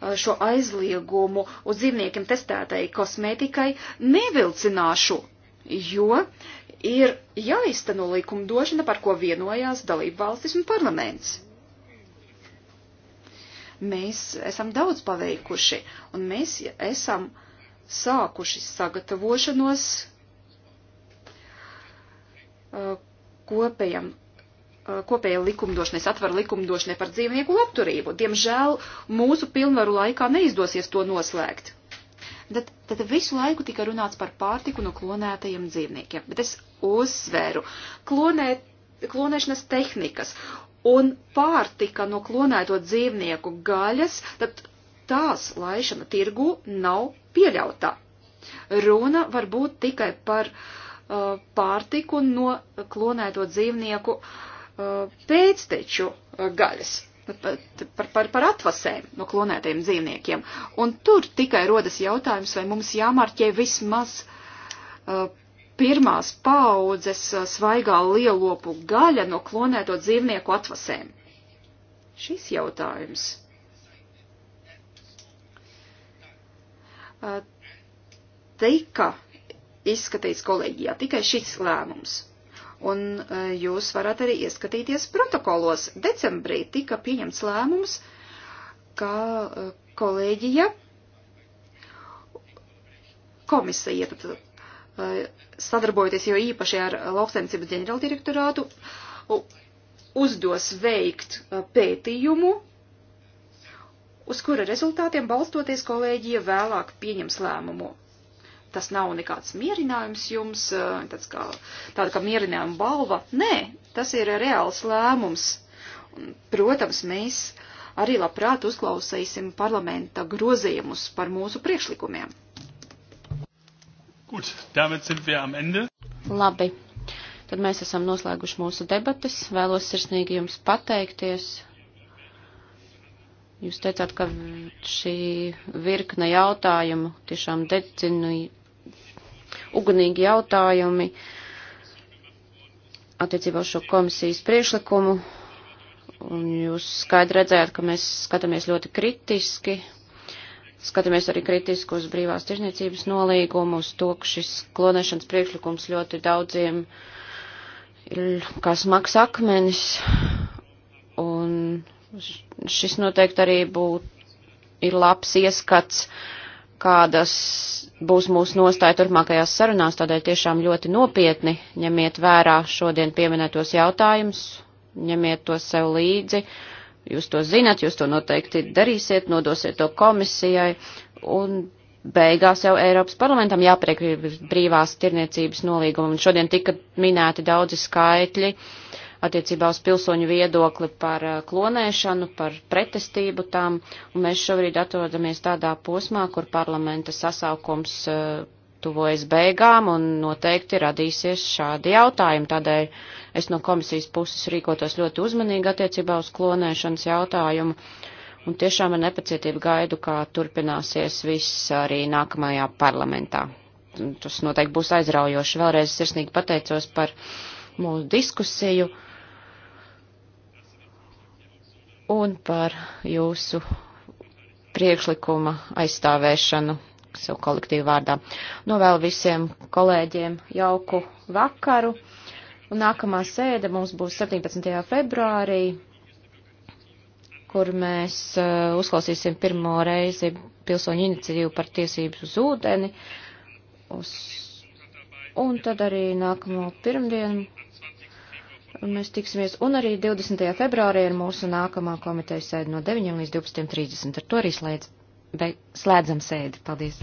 uh, šo aizliegumu uz dzīvniekiem testētai kosmētikai nevilcināšu, jo ir jāizteno likumdošana, par ko vienojās dalību valstis un parlaments. Mēs esam daudz paveikuši, un mēs esam sākuši sagatavošanos kopējam kopējai likumdošanai, satvaru likumdošanai par dzīvnieku labturību. Diemžēl mūsu pilnvaru laikā neizdosies to noslēgt. Tad, tad visu laiku tika runāts par pārtiku no klonētajiem dzīvniekiem, bet es uzsvēru klonē, klonēšanas tehnikas un pārtika no klonēto dzīvnieku gaļas, tad tās laišana tirgu nav pieļautā. Runa var būt tikai par uh, Uh, pārtiku no klonēto dzīvnieku uh, pēcteču uh, gaļas. Par, par, par atvasēm no klonētajiem dzīvniekiem. Un tur tikai rodas jautājums, vai mums jāmarķē vismaz uh, pirmās paaudzes svaigā lielopu gaļa no klonēto dzīvnieku atvasēm? Šis jautājums. Tika izskatīts kolēģijā, tikai šis lēmums. Un e, jūs varat arī ieskatīties protokolos. Decembrī tika pieņemts lēmums, ka e, kolēģija komisija, tad e, sadarbojoties jau īpaši ar lauksaimniecības ģenerāldirektorātu, uzdos veikt pētījumu, uz kura rezultātiem balstoties kolēģija vēlāk pieņems lēmumu tas nav nekāds mierinājums jums, tāds kā, tāda kā mierinājuma balva. Nē, tas ir reāls lēmums. Un, protams, mēs arī labprāt uzklausīsim parlamenta grozījumus par mūsu priekšlikumiem. Gut, damit sind wir am Ende. Labi. Tad mēs esam noslēguši mūsu debatas. Vēlos sirsnīgi jums pateikties. Jūs teicāt, ka šī virkne jautājumu tiešām dedzinīja ugunīgi jautājumi attiecībā uz šo komisijas priekšlikumu. Un jūs skaidri redzējāt, ka mēs skatāmies ļoti kritiski, skatāmies arī kritiski uz brīvās tirzniecības nolīgumu, uz to, ka šis klonēšanas priekšlikums ļoti daudziem ir kā smags akmenis. Un šis noteikti arī būtu ir labs ieskats uh, kādas būs mūsu nostāja turpmākajās sarunās, tādēļ tiešām ļoti nopietni ņemiet vērā šodien pieminētos jautājumus, ņemiet to sev līdzi. Jūs to zinat, jūs to noteikti darīsiet, nodosiet to komisijai, un beigās jau Eiropas parlamentam jāpriek brīvās tirniecības nolīguma, un šodien tika minēti daudzi skaitļi. Uh, attiecībā uz pilsoņu viedokli par uh, klonēšanu, par pretestību tam, un mēs šobrīd atrodamies tādā posmā, kur parlamenta sasaukums uh, tuvojas beigām, un noteikti radīsies šādi jautājumi. Tādēļ es no komisijas puses rīkotos ļoti uzmanīgi attiecībā uz klonēšanas jautājumu, un tiešām ar nepacietību gaidu, kā turpināsies viss arī nākamajā parlamentā. Tas noteikti būs aizraujoši. Vēlreiz sirsnīgi pateicos par mūsu diskusiju un par jūsu priekšlikuma aizstāvēšanu savu kolektīvu vārdā. Novēlu visiem kolēģiem jauku vakaru. Un nākamā sēde mums būs 17. februārī, kur mēs uh, uzklausīsim pirmo reizi pilsoņu iniciatīvu par tiesības uz ūdeni. Uz, un tad arī nākamo pirmdienu Mēs tiksimies, un arī 20. februārī ir mūsu nākamā komiteja sēde no 9 līdz 12.30. Ar to arī slēdz, be, slēdzam sēdi. Paldies!